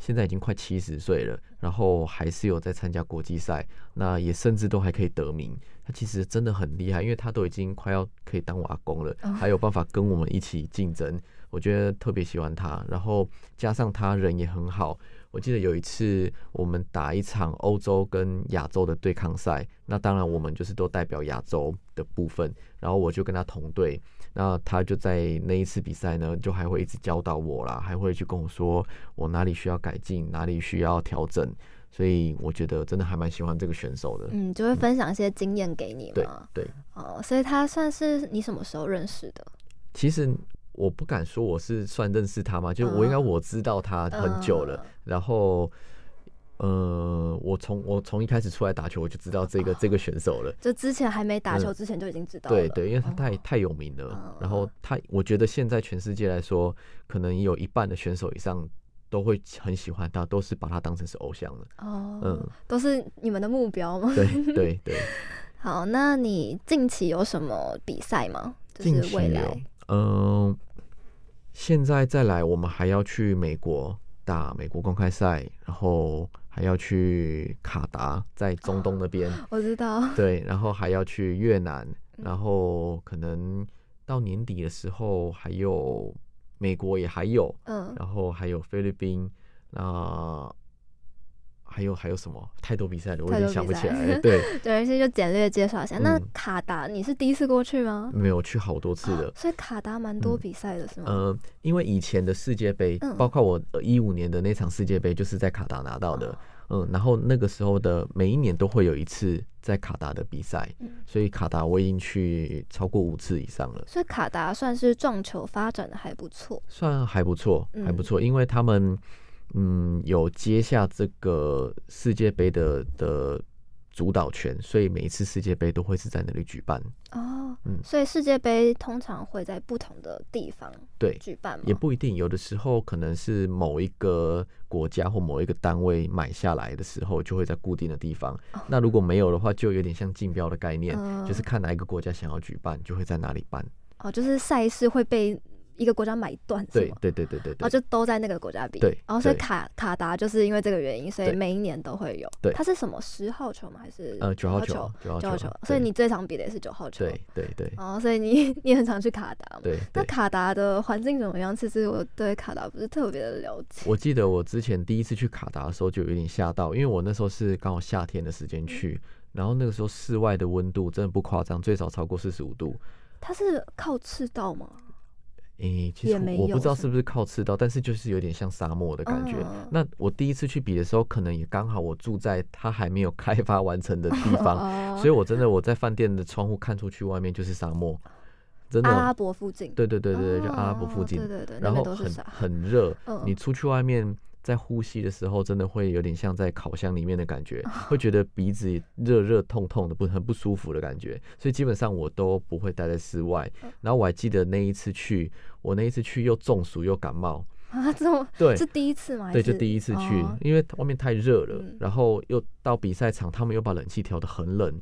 現在已經快七十歲了，然後還是有在參加國際賽，那也甚至都還可以得名。他其實真的很厲害，因為他都已經快要可以當我阿公了，oh. 還有辦法跟我們一起競爭。我覺得特別喜歡他，然後加上他人也很好。我記得有一次我們打一場歐洲跟亞洲的對抗賽，那當然我們就是都代表亞洲的部分，然後我就跟他同隊。那他就在那一次比賽呢，就還會一直教導我啦，還會去跟我說我哪裡需要改進，哪裡需要調整。所以我覺得真的還蠻喜歡這個選手的。嗯，就會分享一些經驗給你嘛。對、嗯、對。對哦，所以他算是你什麼時候認識的？其實我不敢說我是算認識他嘛，就是我應該我知道他很久了，嗯嗯、然後。呃、嗯，我從我從一開始出來打球，我就知道這個、oh, 這個選手了。就之前還沒打球之前就已經知道了。嗯、對對，因為他太、oh. 太有名了。然後他，我覺得現在全世界來說，oh. 可能有一半的選手以上都會很喜歡他，都是把他當成是偶像了。哦，oh, 嗯，都是你們的目標嗎？對對對。對對 好，那你近期有什麼比賽嗎？就是、未來近期有。嗯，現在再來，我們還要去美國打美國公開賽，然後。還要去卡達，在中東那邊，啊，我知道。對，然後還要去越南，然後可能到年底的時候還有美國也還有，嗯，然後還有菲律賓，那。還有還有什麼？太多比賽了，我已經想不起來了。對，對，而且就簡略介紹一下。那卡達，你是第一次過去嗎？嗯、沒有，去好多次了。啊、所以卡達蠻多比賽的，是嗎、嗯？呃，因為以前的世界杯，嗯、包括我一五年的那場世界杯，就是在卡達拿到的。嗯，嗯，然後那個時候的每一年都會有一次在卡達的比賽，嗯、所以卡達我已經去超過五次以上了。所以卡達算是撞球發展的還不錯，算還不錯，還不錯，嗯、因為他們。嗯，有接下這個世界杯的的主導權，所以每一次世界杯都會是在那裡舉辦。哦，嗯，所以世界杯通常會在不同的地方對舉辦嘛？對，也不一定。有的時候可能是某一個國家或某一個單位買下來的時候，就會在固定的地方。哦、那如果沒有的話，就有點像競標的概念，呃、就是看哪一個國家想要舉辦，就會在哪裡辦。哦，就是賽事會被。一個國家買一段是嗎？對對對對對，對，然後就都在那個國家比，對對對對然後所以卡卡達就是因為這個原因，所以每一年都會有。對，對，它是什麼十號球嗎？還是呃九號球？呃、九號球、啊。啊啊、所以你最常比的也是九號球、啊。對對對，對。然後所以你 你很常去卡達嗎？對，對。那卡達的環境怎麼樣？其實我對卡達不是特別的了解。我記得我之前第一次去卡達的時候就有點嚇到，因為我那時候是剛好夏天的時間去，然後那個時候室外的溫度真的不誇張，最少超過四十五度。它是靠赤道嗎？哎、欸，其實我不知道是不是靠赤道，是但是就是有點像沙漠的感覺。嗯、那我第一次去比的時候，可能也剛好我住在他還沒有開發完成的地方，嗯哦、所以我真的我在飯店的窗戶看出去外面就是沙漠，真的阿拉伯附近。對對對對，對、哦、就阿拉伯附近。對對對然後很對對對很熱熱，嗯、你出去外面。在呼吸的時候，真的會有點像在烤箱裡面的感覺，Oh. 會覺得鼻子熱熱、痛痛的，不很不舒服的感覺。所以基本上我都不會待在室外。Oh. 然後我還記得那一次去，我那一次去又中暑又感冒。啊，這麼？對，是第一次嗎？對，就第一次去，Oh. 因為外面太熱了，嗯、然後又。到比賽場，他們又把冷氣調得很冷，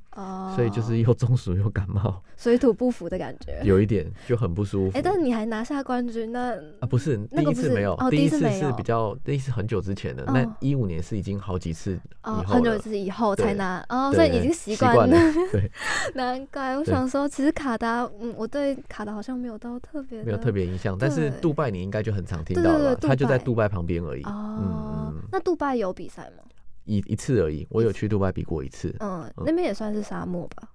所以就是又中暑又感冒，水土不服的感覺，有一點就很不舒服。哎，但是你還拿下冠軍，那啊不是，第一次沒有，第一次是比較那一次很久之前的，那一五年是已經好幾次以後很久以後才拿，哦，所以已經習慣了。對，難怪我想說，其實卡達，嗯，我對卡達好像沒有到特別沒有特別印象，但是杜拜你應該就很常聽到了，他就在杜拜旁邊而已。哦，那杜拜有比賽嗎？一一次而已，我有去杜拜比過一次。嗯，嗯那邊也算是沙漠吧。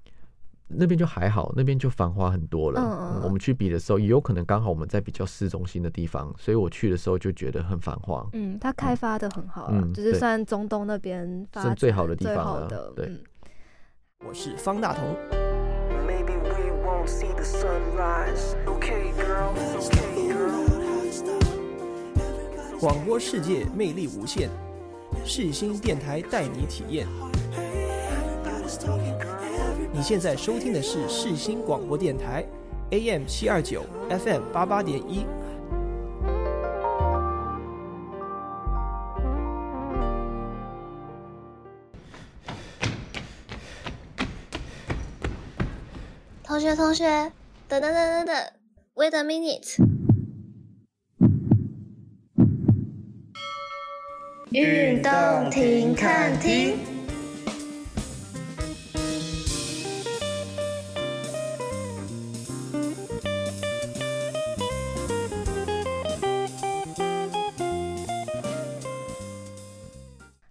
那邊就還好，那邊就繁華很多了。嗯嗯，嗯我們去比的時候，也有可能剛好我們在比較市中心的地方，所以我去的時候就覺得很繁華。嗯，它、嗯、開發的很好，啊、嗯，就是算中東那邊、嗯、最好的地方了、啊。的對，對我是方大同。廣播世界魅力無限。世新電台帶你體驗。你現在收聽的是世新廣播電台，AM 七二九，FM 八八點一。同學，同學，等等等等等，Wait a minute。運動停看聽。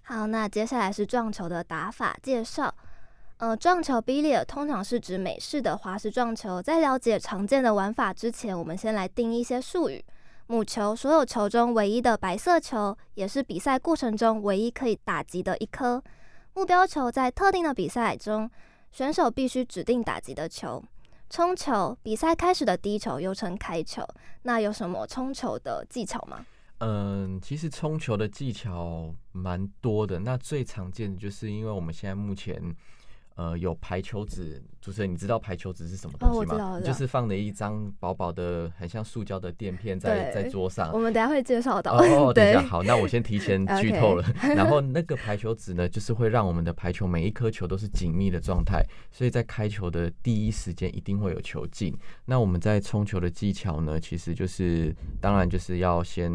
好，那接下來是撞球的打法介紹。呃，撞球 billiard 通常是指美式的花式撞球。在了解常見的玩法之前，我們先來定一些術語。母球，所有球中唯一的白色球，也是比賽過程中唯一可以打擊的一顆目標球。在特定的比賽中，選手必須指定打擊的球。衝球，比賽開始的第一球，又稱開球。那有什麼衝球的技巧嗎？嗯，其實衝球的技巧蠻多的。那最常見的就是因為我們現在目前。呃，有排球紙，主持人，你知道排球紙是什麼東西嗎？就是放了一張薄薄的、很像塑膠的墊片在對在桌上。我們等下會介紹到哦。哦，等一下，對好，那我先提前劇透了。Okay. 然後那個排球紙呢，就是會讓我們的排球每一顆球都是緊密的狀態，所以在開球的第一時間一定會有球進。那我們在衝球的技巧呢，其實就是，當然就是要先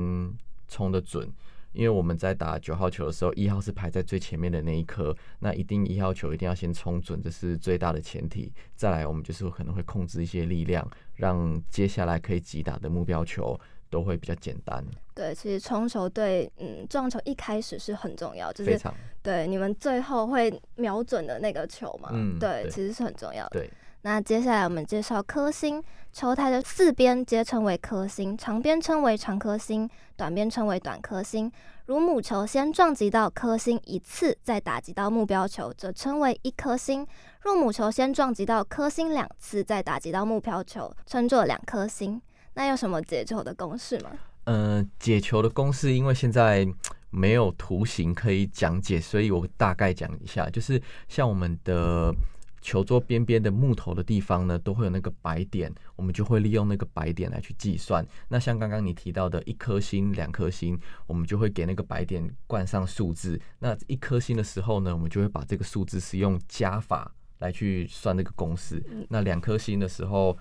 衝得準。因為我們在打九號球的時候，一號是排在最前面的那一顆，那一定一號球一定要先衝準，這是最大的前提。再來，我們就是可能會控制一些力量，讓接下來可以擊打的目標球都會比較簡單。對，其實衝球對，嗯，撞球一開始是很重要，就是非常。對你們最後會瞄準的那個球嘛，嗯、對，對，其實是很重要的。對。那接下來我們介紹，顆星球台的四邊皆稱為顆星，長邊稱為長顆星，短邊稱為短顆星。如母球先撞擊到顆星一次，再打擊到目標球，則稱為一顆星；若母球先撞擊到顆星兩次，再打擊到目標球，稱作兩顆星。那有什麼解球的公式嗎？嗯、呃，解球的公式，因為現在沒有圖形可以講解，所以我大概講一下，就是像我們的。球桌邊邊的木頭的地方呢，都會有那個白點，我們就會利用那個白點來去計算。那像剛剛你提到的一顆星、兩顆星，我們就會給那個白點冠上數字。那一顆星的時候呢，我們就會把這個數字是用加法來去算那個公式。那兩顆星的時候，誒、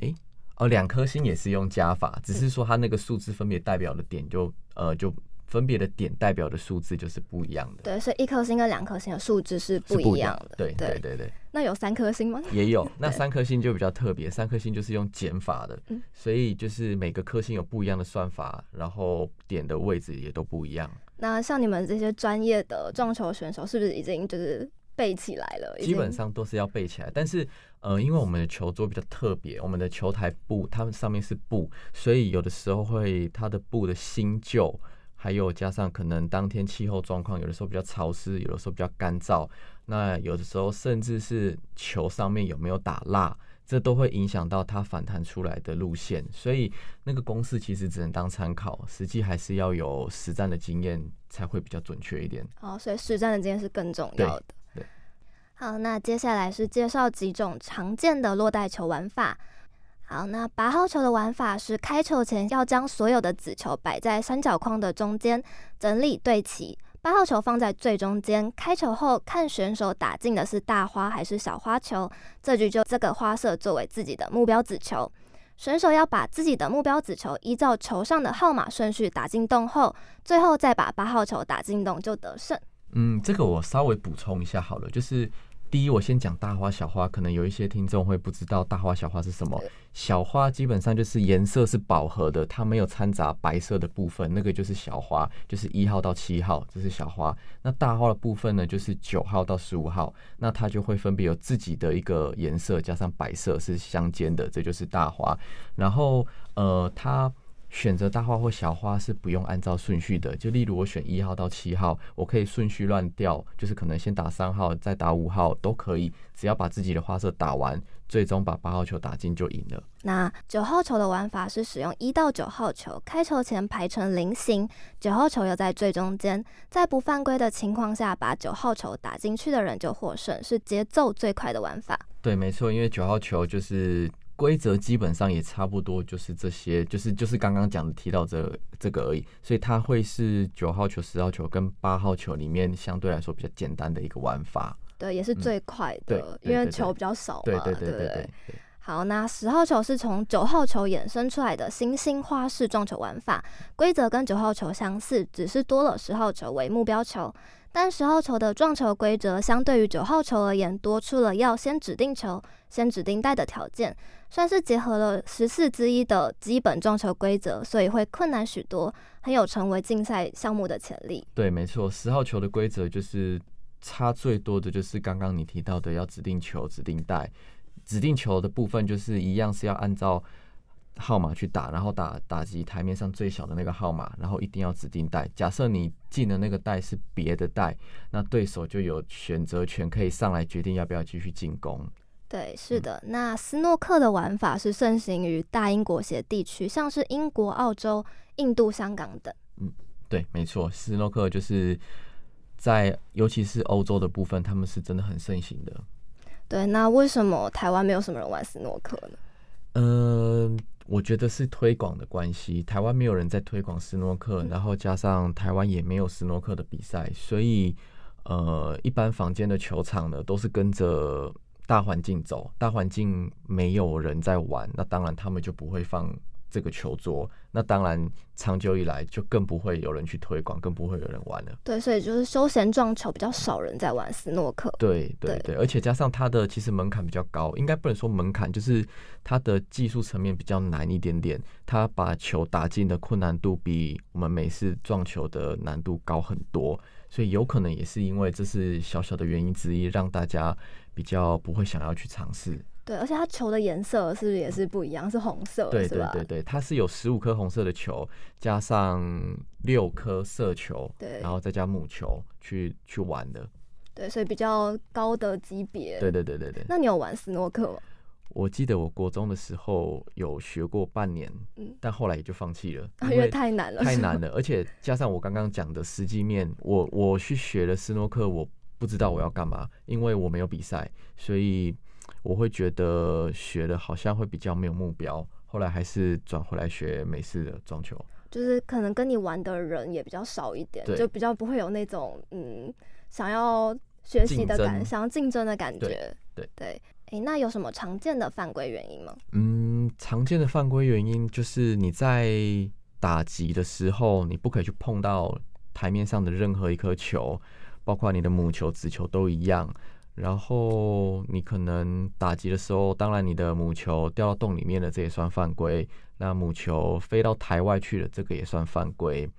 欸，哦，兩顆星也是用加法，只是說它那個數字分別代表的點就呃就。分別的點代表的數字就是不一樣的，對，所以一顆星跟兩顆星的數字是不一樣的，樣的對，對，對，對，對，對，對，對，對。那有三顆星嗎？也有，那三顆星就比較特別，對三顆星就是用減法的，嗯對，所以就是每個顆星有不一樣的算法，然後點的位置也都不一樣。那像你們這些專業的撞球選手，是不是已經就是背起來了？基本上都是要背起來，但是，呃，因為我們的球桌比較特別，我們的球台布，它們上面是布，所以有的時候會它的布的新舊。還有加上可能當天氣候狀況，有的時候比較潮濕，有的時候比較乾燥。那有的時候甚至是球上面有沒有打蠟，這都會影響到它反彈出來的路線。所以那個公式其實只能當參考，實際還是要有實戰的經驗才會比較準確一點。好，所以實戰的經驗是更重要的。對，對。好，那接下來是介紹幾種常見的落袋球玩法。好，那八號球的玩法是：開球前要將所有的子球擺在三角框的中間，整理對齊，八號球放在最中間。開球後，看選手打進的是大花還是小花球，這局就這個花色作為自己的目標子球。選手要把自己的目標子球依照球上的號碼順序打進洞後，最後再把八號球打進洞就得勝。嗯，這個我稍微補充一下好了，就是。第一，我先講大花小花，可能有一些聽眾會不知道大花小花是什麼。小花基本上就是顏色是飽和的，它沒有摻雜白色的部分，那個就是小花，就是一號到七號，這是小花。那大花的部分呢，就是九號到十五號，那它就會分別有自己的一個顏色，加上白色是相間的，這就是大花。然後，呃，它。選擇大花或小花是不用按照順序的，就例如我選一號到七號，我可以順序亂掉，就是可能先打三號，再打五號都可以，只要把自己的花色打完，最終把八號球打進就贏了。那九號球的玩法是使用一到九號球，開球前排成菱形，九號球又在最中間，在不犯規的情況下把九號球打進去的人就獲勝，是節奏最快的玩法。對，沒錯，因為九號球就是。規則基本上也差不多，就是這些，就是就是剛剛講的提到這個、這個而已。所以它會是九號球、十號球跟八號球裡面相對來說比較簡單的一個玩法。對，也是最快的，嗯、對對對對，因為球比較少嘛。對對對對。好，那十號球是從九號球衍生出來的新興花式撞球玩法，規則跟九號球相似，只是多了十號球為目標球。但十號球的撞球規則相對於九號球而言，多出了要先指定球、先指定袋的條件。算是結合了十四之一的基本撞球規則，所以會困難許多，很有成為競賽項目的潛力。對，沒錯，十號球的規則就是差最多的就是剛剛你提到的要指定球、指定袋、指定球的部分，就是一樣是要按照號碼去打，然後打打擊台面上最小的那個號碼，然後一定要指定袋。假設你進的那個袋是別的袋，那對手就有選擇權可以上來決定要不要繼續進攻。對，是的。嗯、那斯諾克的玩法是盛行於大英國協地區，像是英國、澳洲、印度、香港等。嗯，對，沒錯，斯諾克就是在，尤其是歐洲的部分，他們是真的很盛行的。對，那為什麼台灣沒有什麼人玩斯諾克呢？嗯、呃，我覺得是推廣的關係。台灣沒有人在推廣斯諾克，嗯、然後加上台灣也沒有斯諾克的比賽，所以呃，一般房間的球場呢，都是跟着。大環境走，大環境沒有人在玩，那當然他們就不會放這個球桌，那當然長久以來就更不會有人去推廣，更不會有人玩了。對，所以就是休閒撞球比較少人在玩斯諾克。對對對，對，而且加上它的其實門檻比較高，應該不能說門檻，就是它的技術層面比較難一點點，它把球打進的困難度比我們美式撞球的難度高很多，所以有可能也是因為這是小小的原因之一，讓大家。比較不會想要去嘗試，對，而且它球的顏色是不是也是不一樣？嗯、是紅色是，對對對對，它是有十五顆紅色的球，加上六顆色球，對，然後再加母球去去玩的，對，所以比較高的級別，對對對對。那你有玩斯諾克嗎？我記得我國中的時候有學過半年，嗯、但後來也就放棄了，因為，因為太難了是不是？太難了，而且加上我剛剛講的實際面，我我去學了斯諾克，我。不知道我要幹嘛，因為我沒有比賽，所以我會覺得學的好像會比較沒有目標。後來還是轉回來學美式的撞球，就是可能跟你玩的人也比較少一點，對就比較不會有那種嗯想要學習的感，爭想要競爭的感覺。對對，誒、欸，那有什麼常見的犯規原因嗎？嗯，常見的犯規原因就是你在打擊的時候，你不可以去碰到台面上的任何一顆球。包括你的母球、子球都一樣，然後你可能打擊的時候，當然你的母球掉到洞裡面了，這也算犯規。那母球飛到台外去了，這個也算犯規。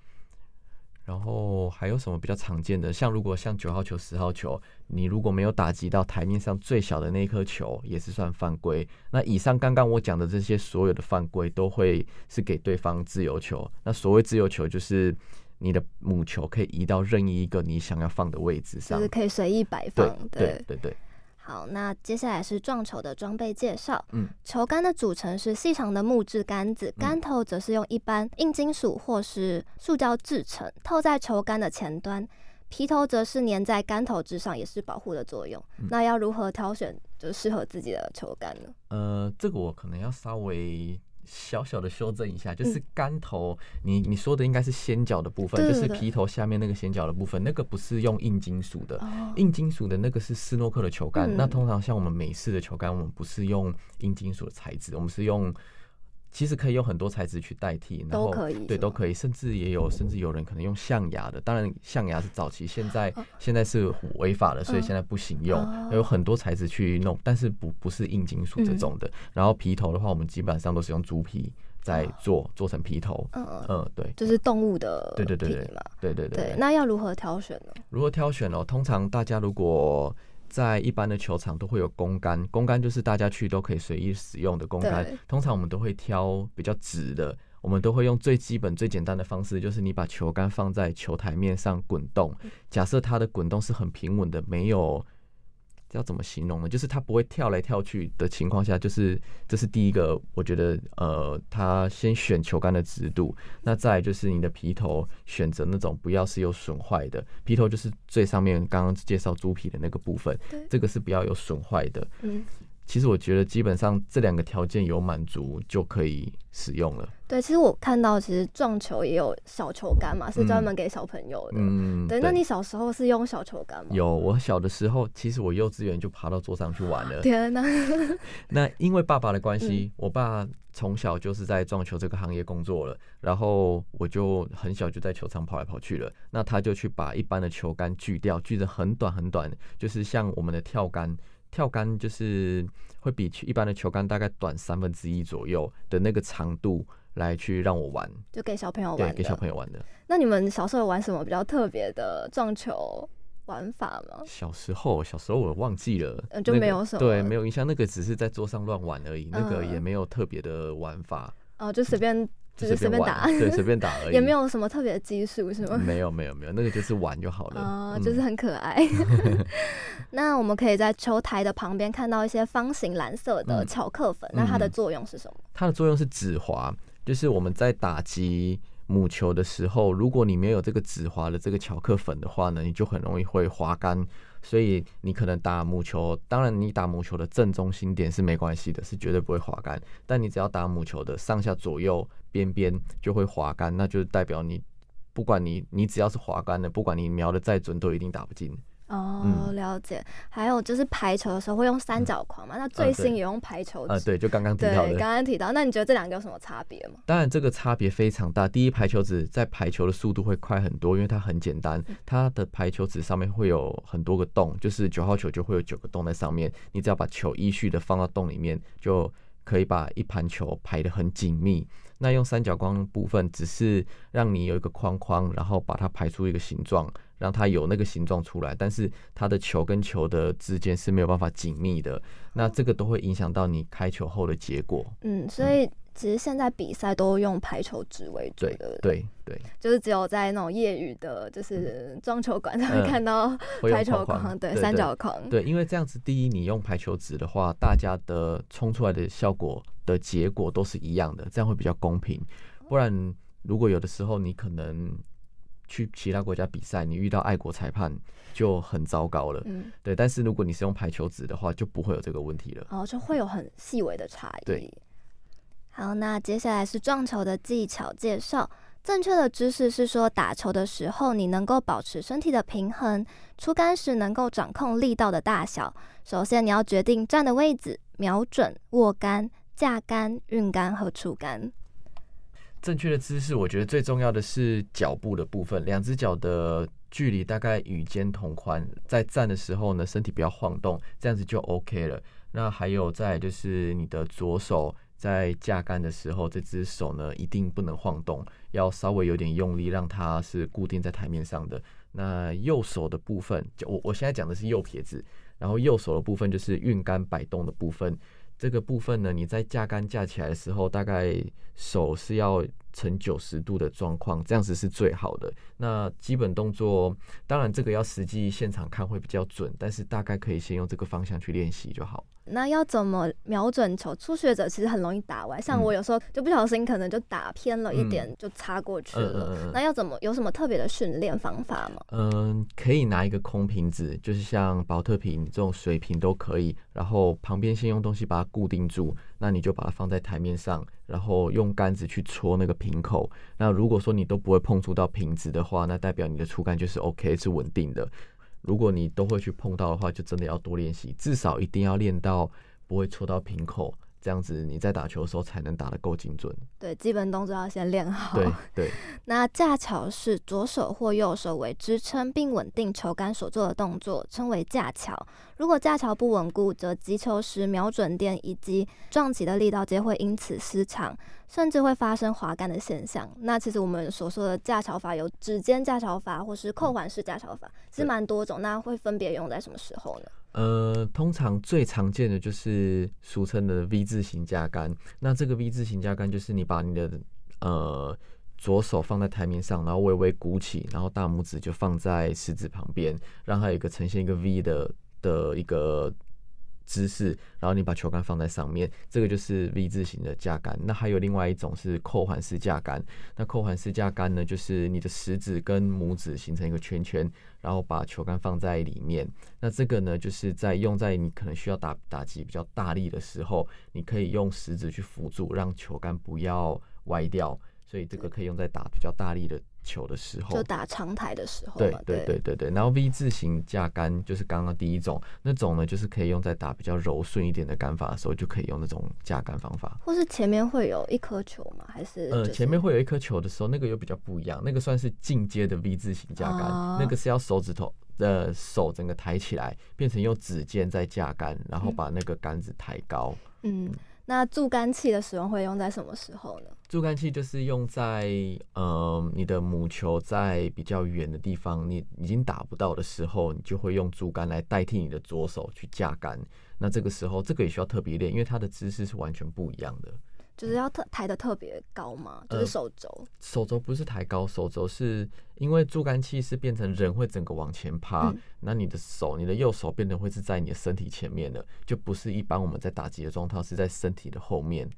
然後還有什麼比較常見的？像如果像九號球、十號球，你如果沒有打擊到台面上最小的那一顆球，也是算犯規。那以上剛剛我講的這些所有的犯規，都會是給對方自由球。那所謂自由球就是。你的母球可以移到任意一個你想要放的位置上，就是可以隨意擺放。對對，對對對。好，那接下來是撞球的裝備介紹。嗯，球桿的組成是細長的木質桿子，嗯、桿頭則是用一般硬金屬或是塑膠製成，套、嗯、在球桿的前端。皮頭則是粘在桿頭之上，也是保護的作用。嗯、那要如何挑選就適合自己的球桿呢？呃，這個我可能要稍微。小小的修正一下，就是桿頭，嗯、你你說的應該是先角的部分，對對對，就是皮頭下面那個先角的部分，那個不是用硬金屬的，哦、硬金屬的那個是斯諾克的球桿。嗯、那通常像我們美式的球桿，我們不是用硬金屬的材質，我們是用。其實可以用很多材質去代替，然後都可以，對，都可以，甚至也有，甚至有人可能用象牙的，嗯、當然象牙是早期，現在、啊、現在是違法的，所以現在不行用，啊、有很多材質去弄，但是不不是硬金屬這種的。嗯、然後皮頭的話，我們基本上都是用豬皮在做、啊、做成皮頭，嗯嗯，對，就是動物的皮嘛對，對對對對，對對，對，對，對，對，那要如何挑選呢？如何挑選呢、哦？通常大家如果在一般的球場都會有公桿，公桿就是大家去都可以隨意使用的公桿。對通常我們都會挑比較直的，我們都會用最基本、最簡單的方式，就是你把球桿放在球台面上滾動，假設它的滾動是很平穩的，沒有。要怎麼形容呢？就是它不會跳來跳去的情況下，就是這是第一個，我覺得呃，它先選球桿的直度，那再就是你的皮頭選擇那種不要是有損壞的皮頭，就是最上面剛剛介紹豬皮的那個部分，對這個是不要有損壞的。嗯。其實我覺得基本上這兩個條件有滿足就可以使用了。對，其實我看到其實撞球也有小球桿嘛，嗯、是專門給小朋友的。嗯，對。對那你小時候是用小球桿嗎？有，我小的時候其實我幼稚園就爬到桌上去玩了。天哪、啊！ 那因為爸爸的關係，嗯、我爸從小就是在撞球這個行業工作了，然後我就很小就在球場跑來跑去了。那他就去把一般的球桿鋸掉，鋸得很短很短，就是像我們的跳桿。跳桿就是會比一般的球桿大概短三分之一左右的那個長度來去讓我玩，就給小朋友玩，對，給小朋友玩的。那你們小時候玩什麼比較特別的撞球玩法嗎？小時候，小時候我忘記了，嗯、就沒有什麼，那個、對，沒有印象。那個只是在桌上亂玩而已，嗯、那個也沒有特別的玩法。哦、呃，就隨便、嗯。就，就是隨便打，對，隨便打而已， 也沒有什麼特別的技術，是嗎？沒有、嗯，沒有，沒有，那個就是玩就好了。哦、 呃，就是很可愛。 那我們可以在球台的旁邊看到一些方形藍色的巧克粉，嗯、那它的作用是什麼，嗯？它的作用是止滑，就是我們在打擊母球的時候，如果你沒有這個止滑的這個巧克粉的話呢，你就很容易會滑桿。所以你可能打母球，當然你打母球的正中心點是沒關係的，是絕對不會滑桿。但你只要打母球的上下左右邊邊，就會滑桿，那就代表你，不管你你只要是滑桿的，不管你瞄的再準，都一定打不進。哦，oh, 嗯、了解。還有就是排球的時候會用三角框嘛？嗯、那最新也用排球紙？嗯、對，對，就剛剛提到的。對，剛剛提到。那你覺得這兩個有什麼差別嗎？當然，這個差別非常大。第一，排球紙在排球的速度會快很多，因為它很簡單。它的排球紙上面會有很多個洞，就是九號球就會有九個洞在上面。你只要把球依序的放到洞裡面，就可以把一盤球排得很緊密。那用三角框部分只是讓你有一個框框，然後把它排出一個形狀。讓它有那個形狀出來，但是它的球跟球的之間是沒有辦法緊密的，那這個都會影響到你開球後的結果。嗯，所以其實現在比賽都用排球紙為主的、嗯，對對，對就是只有在那種業餘的，就是撞球館才會看到、嗯、會狂狂排球框，對三角框。對，因為這樣子，第一，你用排球紙的話，大家的衝出來的效果的結果都是一樣的，這樣會比較公平。不然，如果有的時候你可能。去其他國家比賽，你遇到愛國裁判就很糟糕了。嗯，對。但是如果你是用排球紙的話，就不會有這個問題了。哦，就會有很細微的差異。對。好，那接下來是撞球的技巧介紹。正確的姿勢是說，打球的時候你能夠保持身體的平衡，出桿時能夠掌控力道的大小。首先，你要決定站的位置，瞄準、握桿、架桿、運桿和出桿。正確的姿勢，我覺得最重要的是腳步的部分，兩隻腳的距離大概與肩同寬。在站的時候呢，身體不要晃動，這樣子就 OK 了。那還有在就是你的左手在架桿的時候，這隻手呢一定不能晃動，要稍微有點用力，讓它是固定在台面上的。那右手的部分，我我現在講的是右撇子，然後右手的部分就是運桿擺動的部分。這個部分呢，你在架桿架起來的時候，大概手是要呈九十度的狀況，這樣子是最好的。那基本動作，當然這個要實際現場看會比較準，但是大概可以先用這個方向去練習就好。那要怎麼瞄準球？初學者其實很容易打歪，像我有時候就不小心，可能就打偏了一點，就插過去了。那要怎麼？有什麼特別的訓練方法嗎？嗯嗯嗯，嗯，可以拿一個空瓶子，就是像寶特瓶這種水瓶都可以。然後旁邊先用東西把它固定住，那你就把它放在台面上，然後用桿子去戳那個瓶口。那如果說你都不會碰觸到瓶子的話，那代表你的出桿就是 OK，是穩定的。如果你都會去碰到的話，就真的要多練習，至少一定要練到不會戳到瓶口，這樣子你在打球的時候才能打得夠精準。對，基本動作要先練好。對對。對，那架橋是左手或右手為支撐並穩定球桿所做的動作，稱為架橋。如果架橋不穩固，則擊球時瞄準點以及撞擊的力道皆會因此失常，甚至會發生滑桿的現象。那其實我們所說的架橋法有指尖架橋法或是扣環式架橋法，是蠻多種。對那會分別用在什麼時候呢？呃，通常最常見的就是俗稱的 V 字形架桿。那這個 V 字形架桿就是你把你的呃左手放在台面上，然後微微鼓起，然後大拇指就放在食指旁邊，讓它有一個呈現一個 V 的。的一個姿勢，然後你把球桿放在上面，這個就是 V 字形的架桿。那還有另外一種是扣環式架桿，那扣環式架桿呢，就是你的食指跟拇指形成一個圈圈，然後把球桿放在裡面。那這個呢，就是在用在你可能需要打打擊比較大力的時候，你可以用食指去輔助，讓球桿不要歪掉。所以這個可以用在打比較大力的。球的時候，就打長台的時候，對對對對對。然後 V 字形架桿就是剛剛第一種，那種呢就是可以用在打比較柔順一點的桿法的時候，就可以用那種架桿方法。或是前面會有一顆球嗎？還是呃，前面會有一顆球的時候，那個又比較不一樣，那個算是進階的 V 字形架桿，那個是要手指頭的、呃、手整個抬起來，變成用指尖在架桿，然後把那個桿子抬高。嗯。嗯那助桿器的使用會用在什麼時候呢？助桿器就是用在，呃，你的母球在比較遠的地方，你已經打不到的時候，你就會用助桿來代替你的左手去架桿。那這個時候，這個也需要特別練，因為它的姿勢是完全不一樣的。就是要特抬得特別高嘛，嗯、就是手肘、呃，手肘不是抬高，手肘是因為助桿器是變成人會整個往前趴，嗯、那你的手，你的右手變得會是在你的身體前面的，就不是一般我們在打擊的狀態是在身體的後面，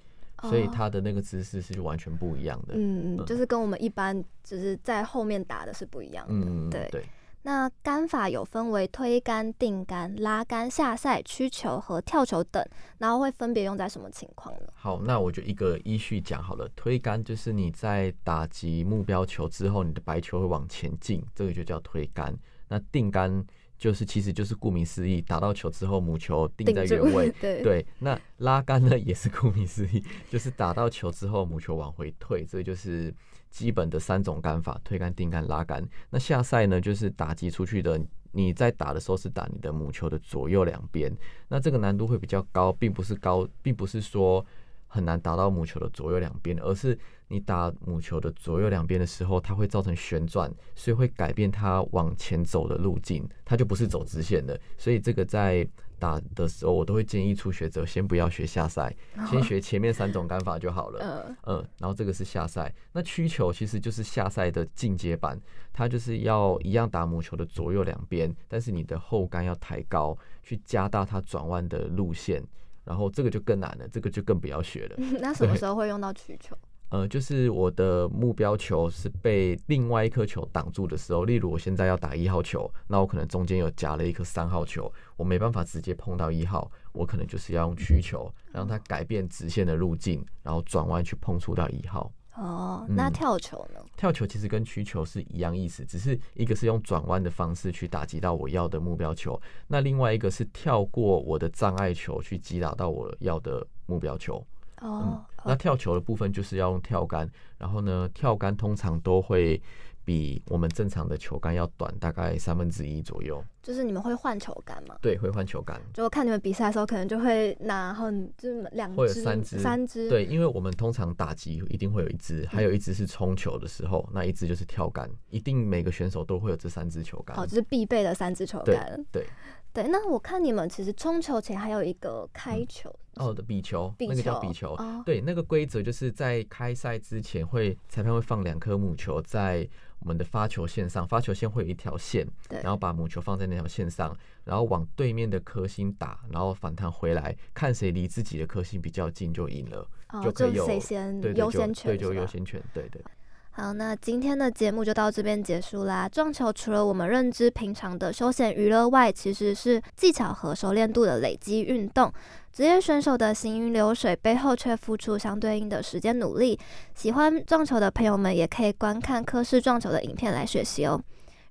哦、所以它的那個姿勢是完全不一樣的。嗯，嗯就是跟我們一般就是在後面打的是不一樣的。對、嗯、對。對那桿法有分為推桿、定桿、拉桿、下賽、曲球和跳球等，然後會分別用在什麼情況呢？好，那我就一個依序講好了。推桿就是你在打擊目標球之後，你的白球會往前進，這個就叫推桿。那定桿就是其實就是顧名思義，打到球之後母球定在原位。對對。那拉桿呢，也是顧名思義，就是打到球之後母球往回退，這個、就是。基本的三種桿法：推桿、定桿、拉桿。那下塞呢？就是打擊出去的，你在打的時候是打你的母球的左右兩邊。那這個難度會比較高，並不是高，並不是說很難打到母球的左右兩邊，而是你打母球的左右兩邊的時候，它會造成旋轉，所以會改變它往前走的路徑，它就不是走直線的。所以這個在打的時候，我都會建議初學者先不要學下塞，Oh. 先學前面三種桿法就好了。Uh. 嗯，然後這個是下塞，那曲球其實就是下塞的進階版，它就是要一樣打母球的左右兩邊，但是你的後桿要抬高，去加大它轉彎的路線，然後這個就更難了，這個就更不要學了。 那什麼時候會用到曲球？呃，就是我的目標球是被另外一顆球擋住的時候，例如我現在要打一號球，那我可能中間有夾了一顆三號球，我沒辦法直接碰到一號，我可能就是要用曲球，讓它改變直線的路徑，然後轉彎去碰觸到一號。哦，那跳球呢？嗯，跳球其實跟曲球是一樣意思，只是一個是用轉彎的方式去打擊到我要的目標球，那另外一個是跳過我的障礙球去擊打到我要的目標球。哦，嗯，Oh, okay. 那跳球的部分就是要用跳桿，然後呢，跳桿通常都會比我們正常的球桿要短，大概三分之一左右。就是你們會換球桿嗎？對，會換球桿。就我看你們比賽的時候，可能就會拿很就是兩支、會有三支、三支。對，因為我們通常打擊一定會有一支，嗯，還有一支是衝球的時候，那一支就是跳桿。一定每個選手都會有這三支球桿。好，就是必備的三支球桿。對對，那我看你們其實衝球前還有一個開球。嗯哦，的比球，比球，那個叫比球。哦、對，那個規則就是在開賽之前會裁判，會放兩顆母球在我們的發球線上，發球線會有一條線，對然後把母球放在那條線上，然後往對面的顆星打，然後反彈回來，看誰離自己的顆星比較近就贏了，哦、就可以有，就誰先優先權對，就優先權，對對、對。吧好，那今天的節目就到這邊結束啦。撞球除了我們認知平常的休閒娛樂外，其實是技巧和熟練度的累積運動。職業選手的行雲流水背後，卻付出相對應的時間努力。喜歡撞球的朋友們，也可以觀看柯氏撞球的影片來學習哦。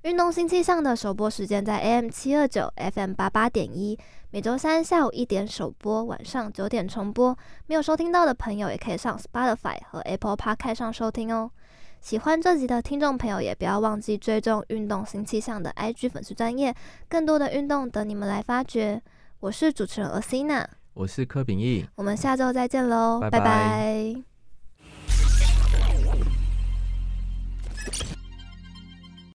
運動新氣象的首播時間在 AM 七二九 FM 八八點一，每周三下午一點首播，晚上九點重播。沒有收聽到的朋友，也可以上 Spotify 和 Apple Podcast 上收聽哦。喜歡這集的聽眾朋友，也不要忘記追蹤運動新氣象的 IG 粉絲專頁。更多的運動等你們來發掘。我是主持人阿西娜，我是柯秉逸，我們下周再見嘍，拜拜。拜拜。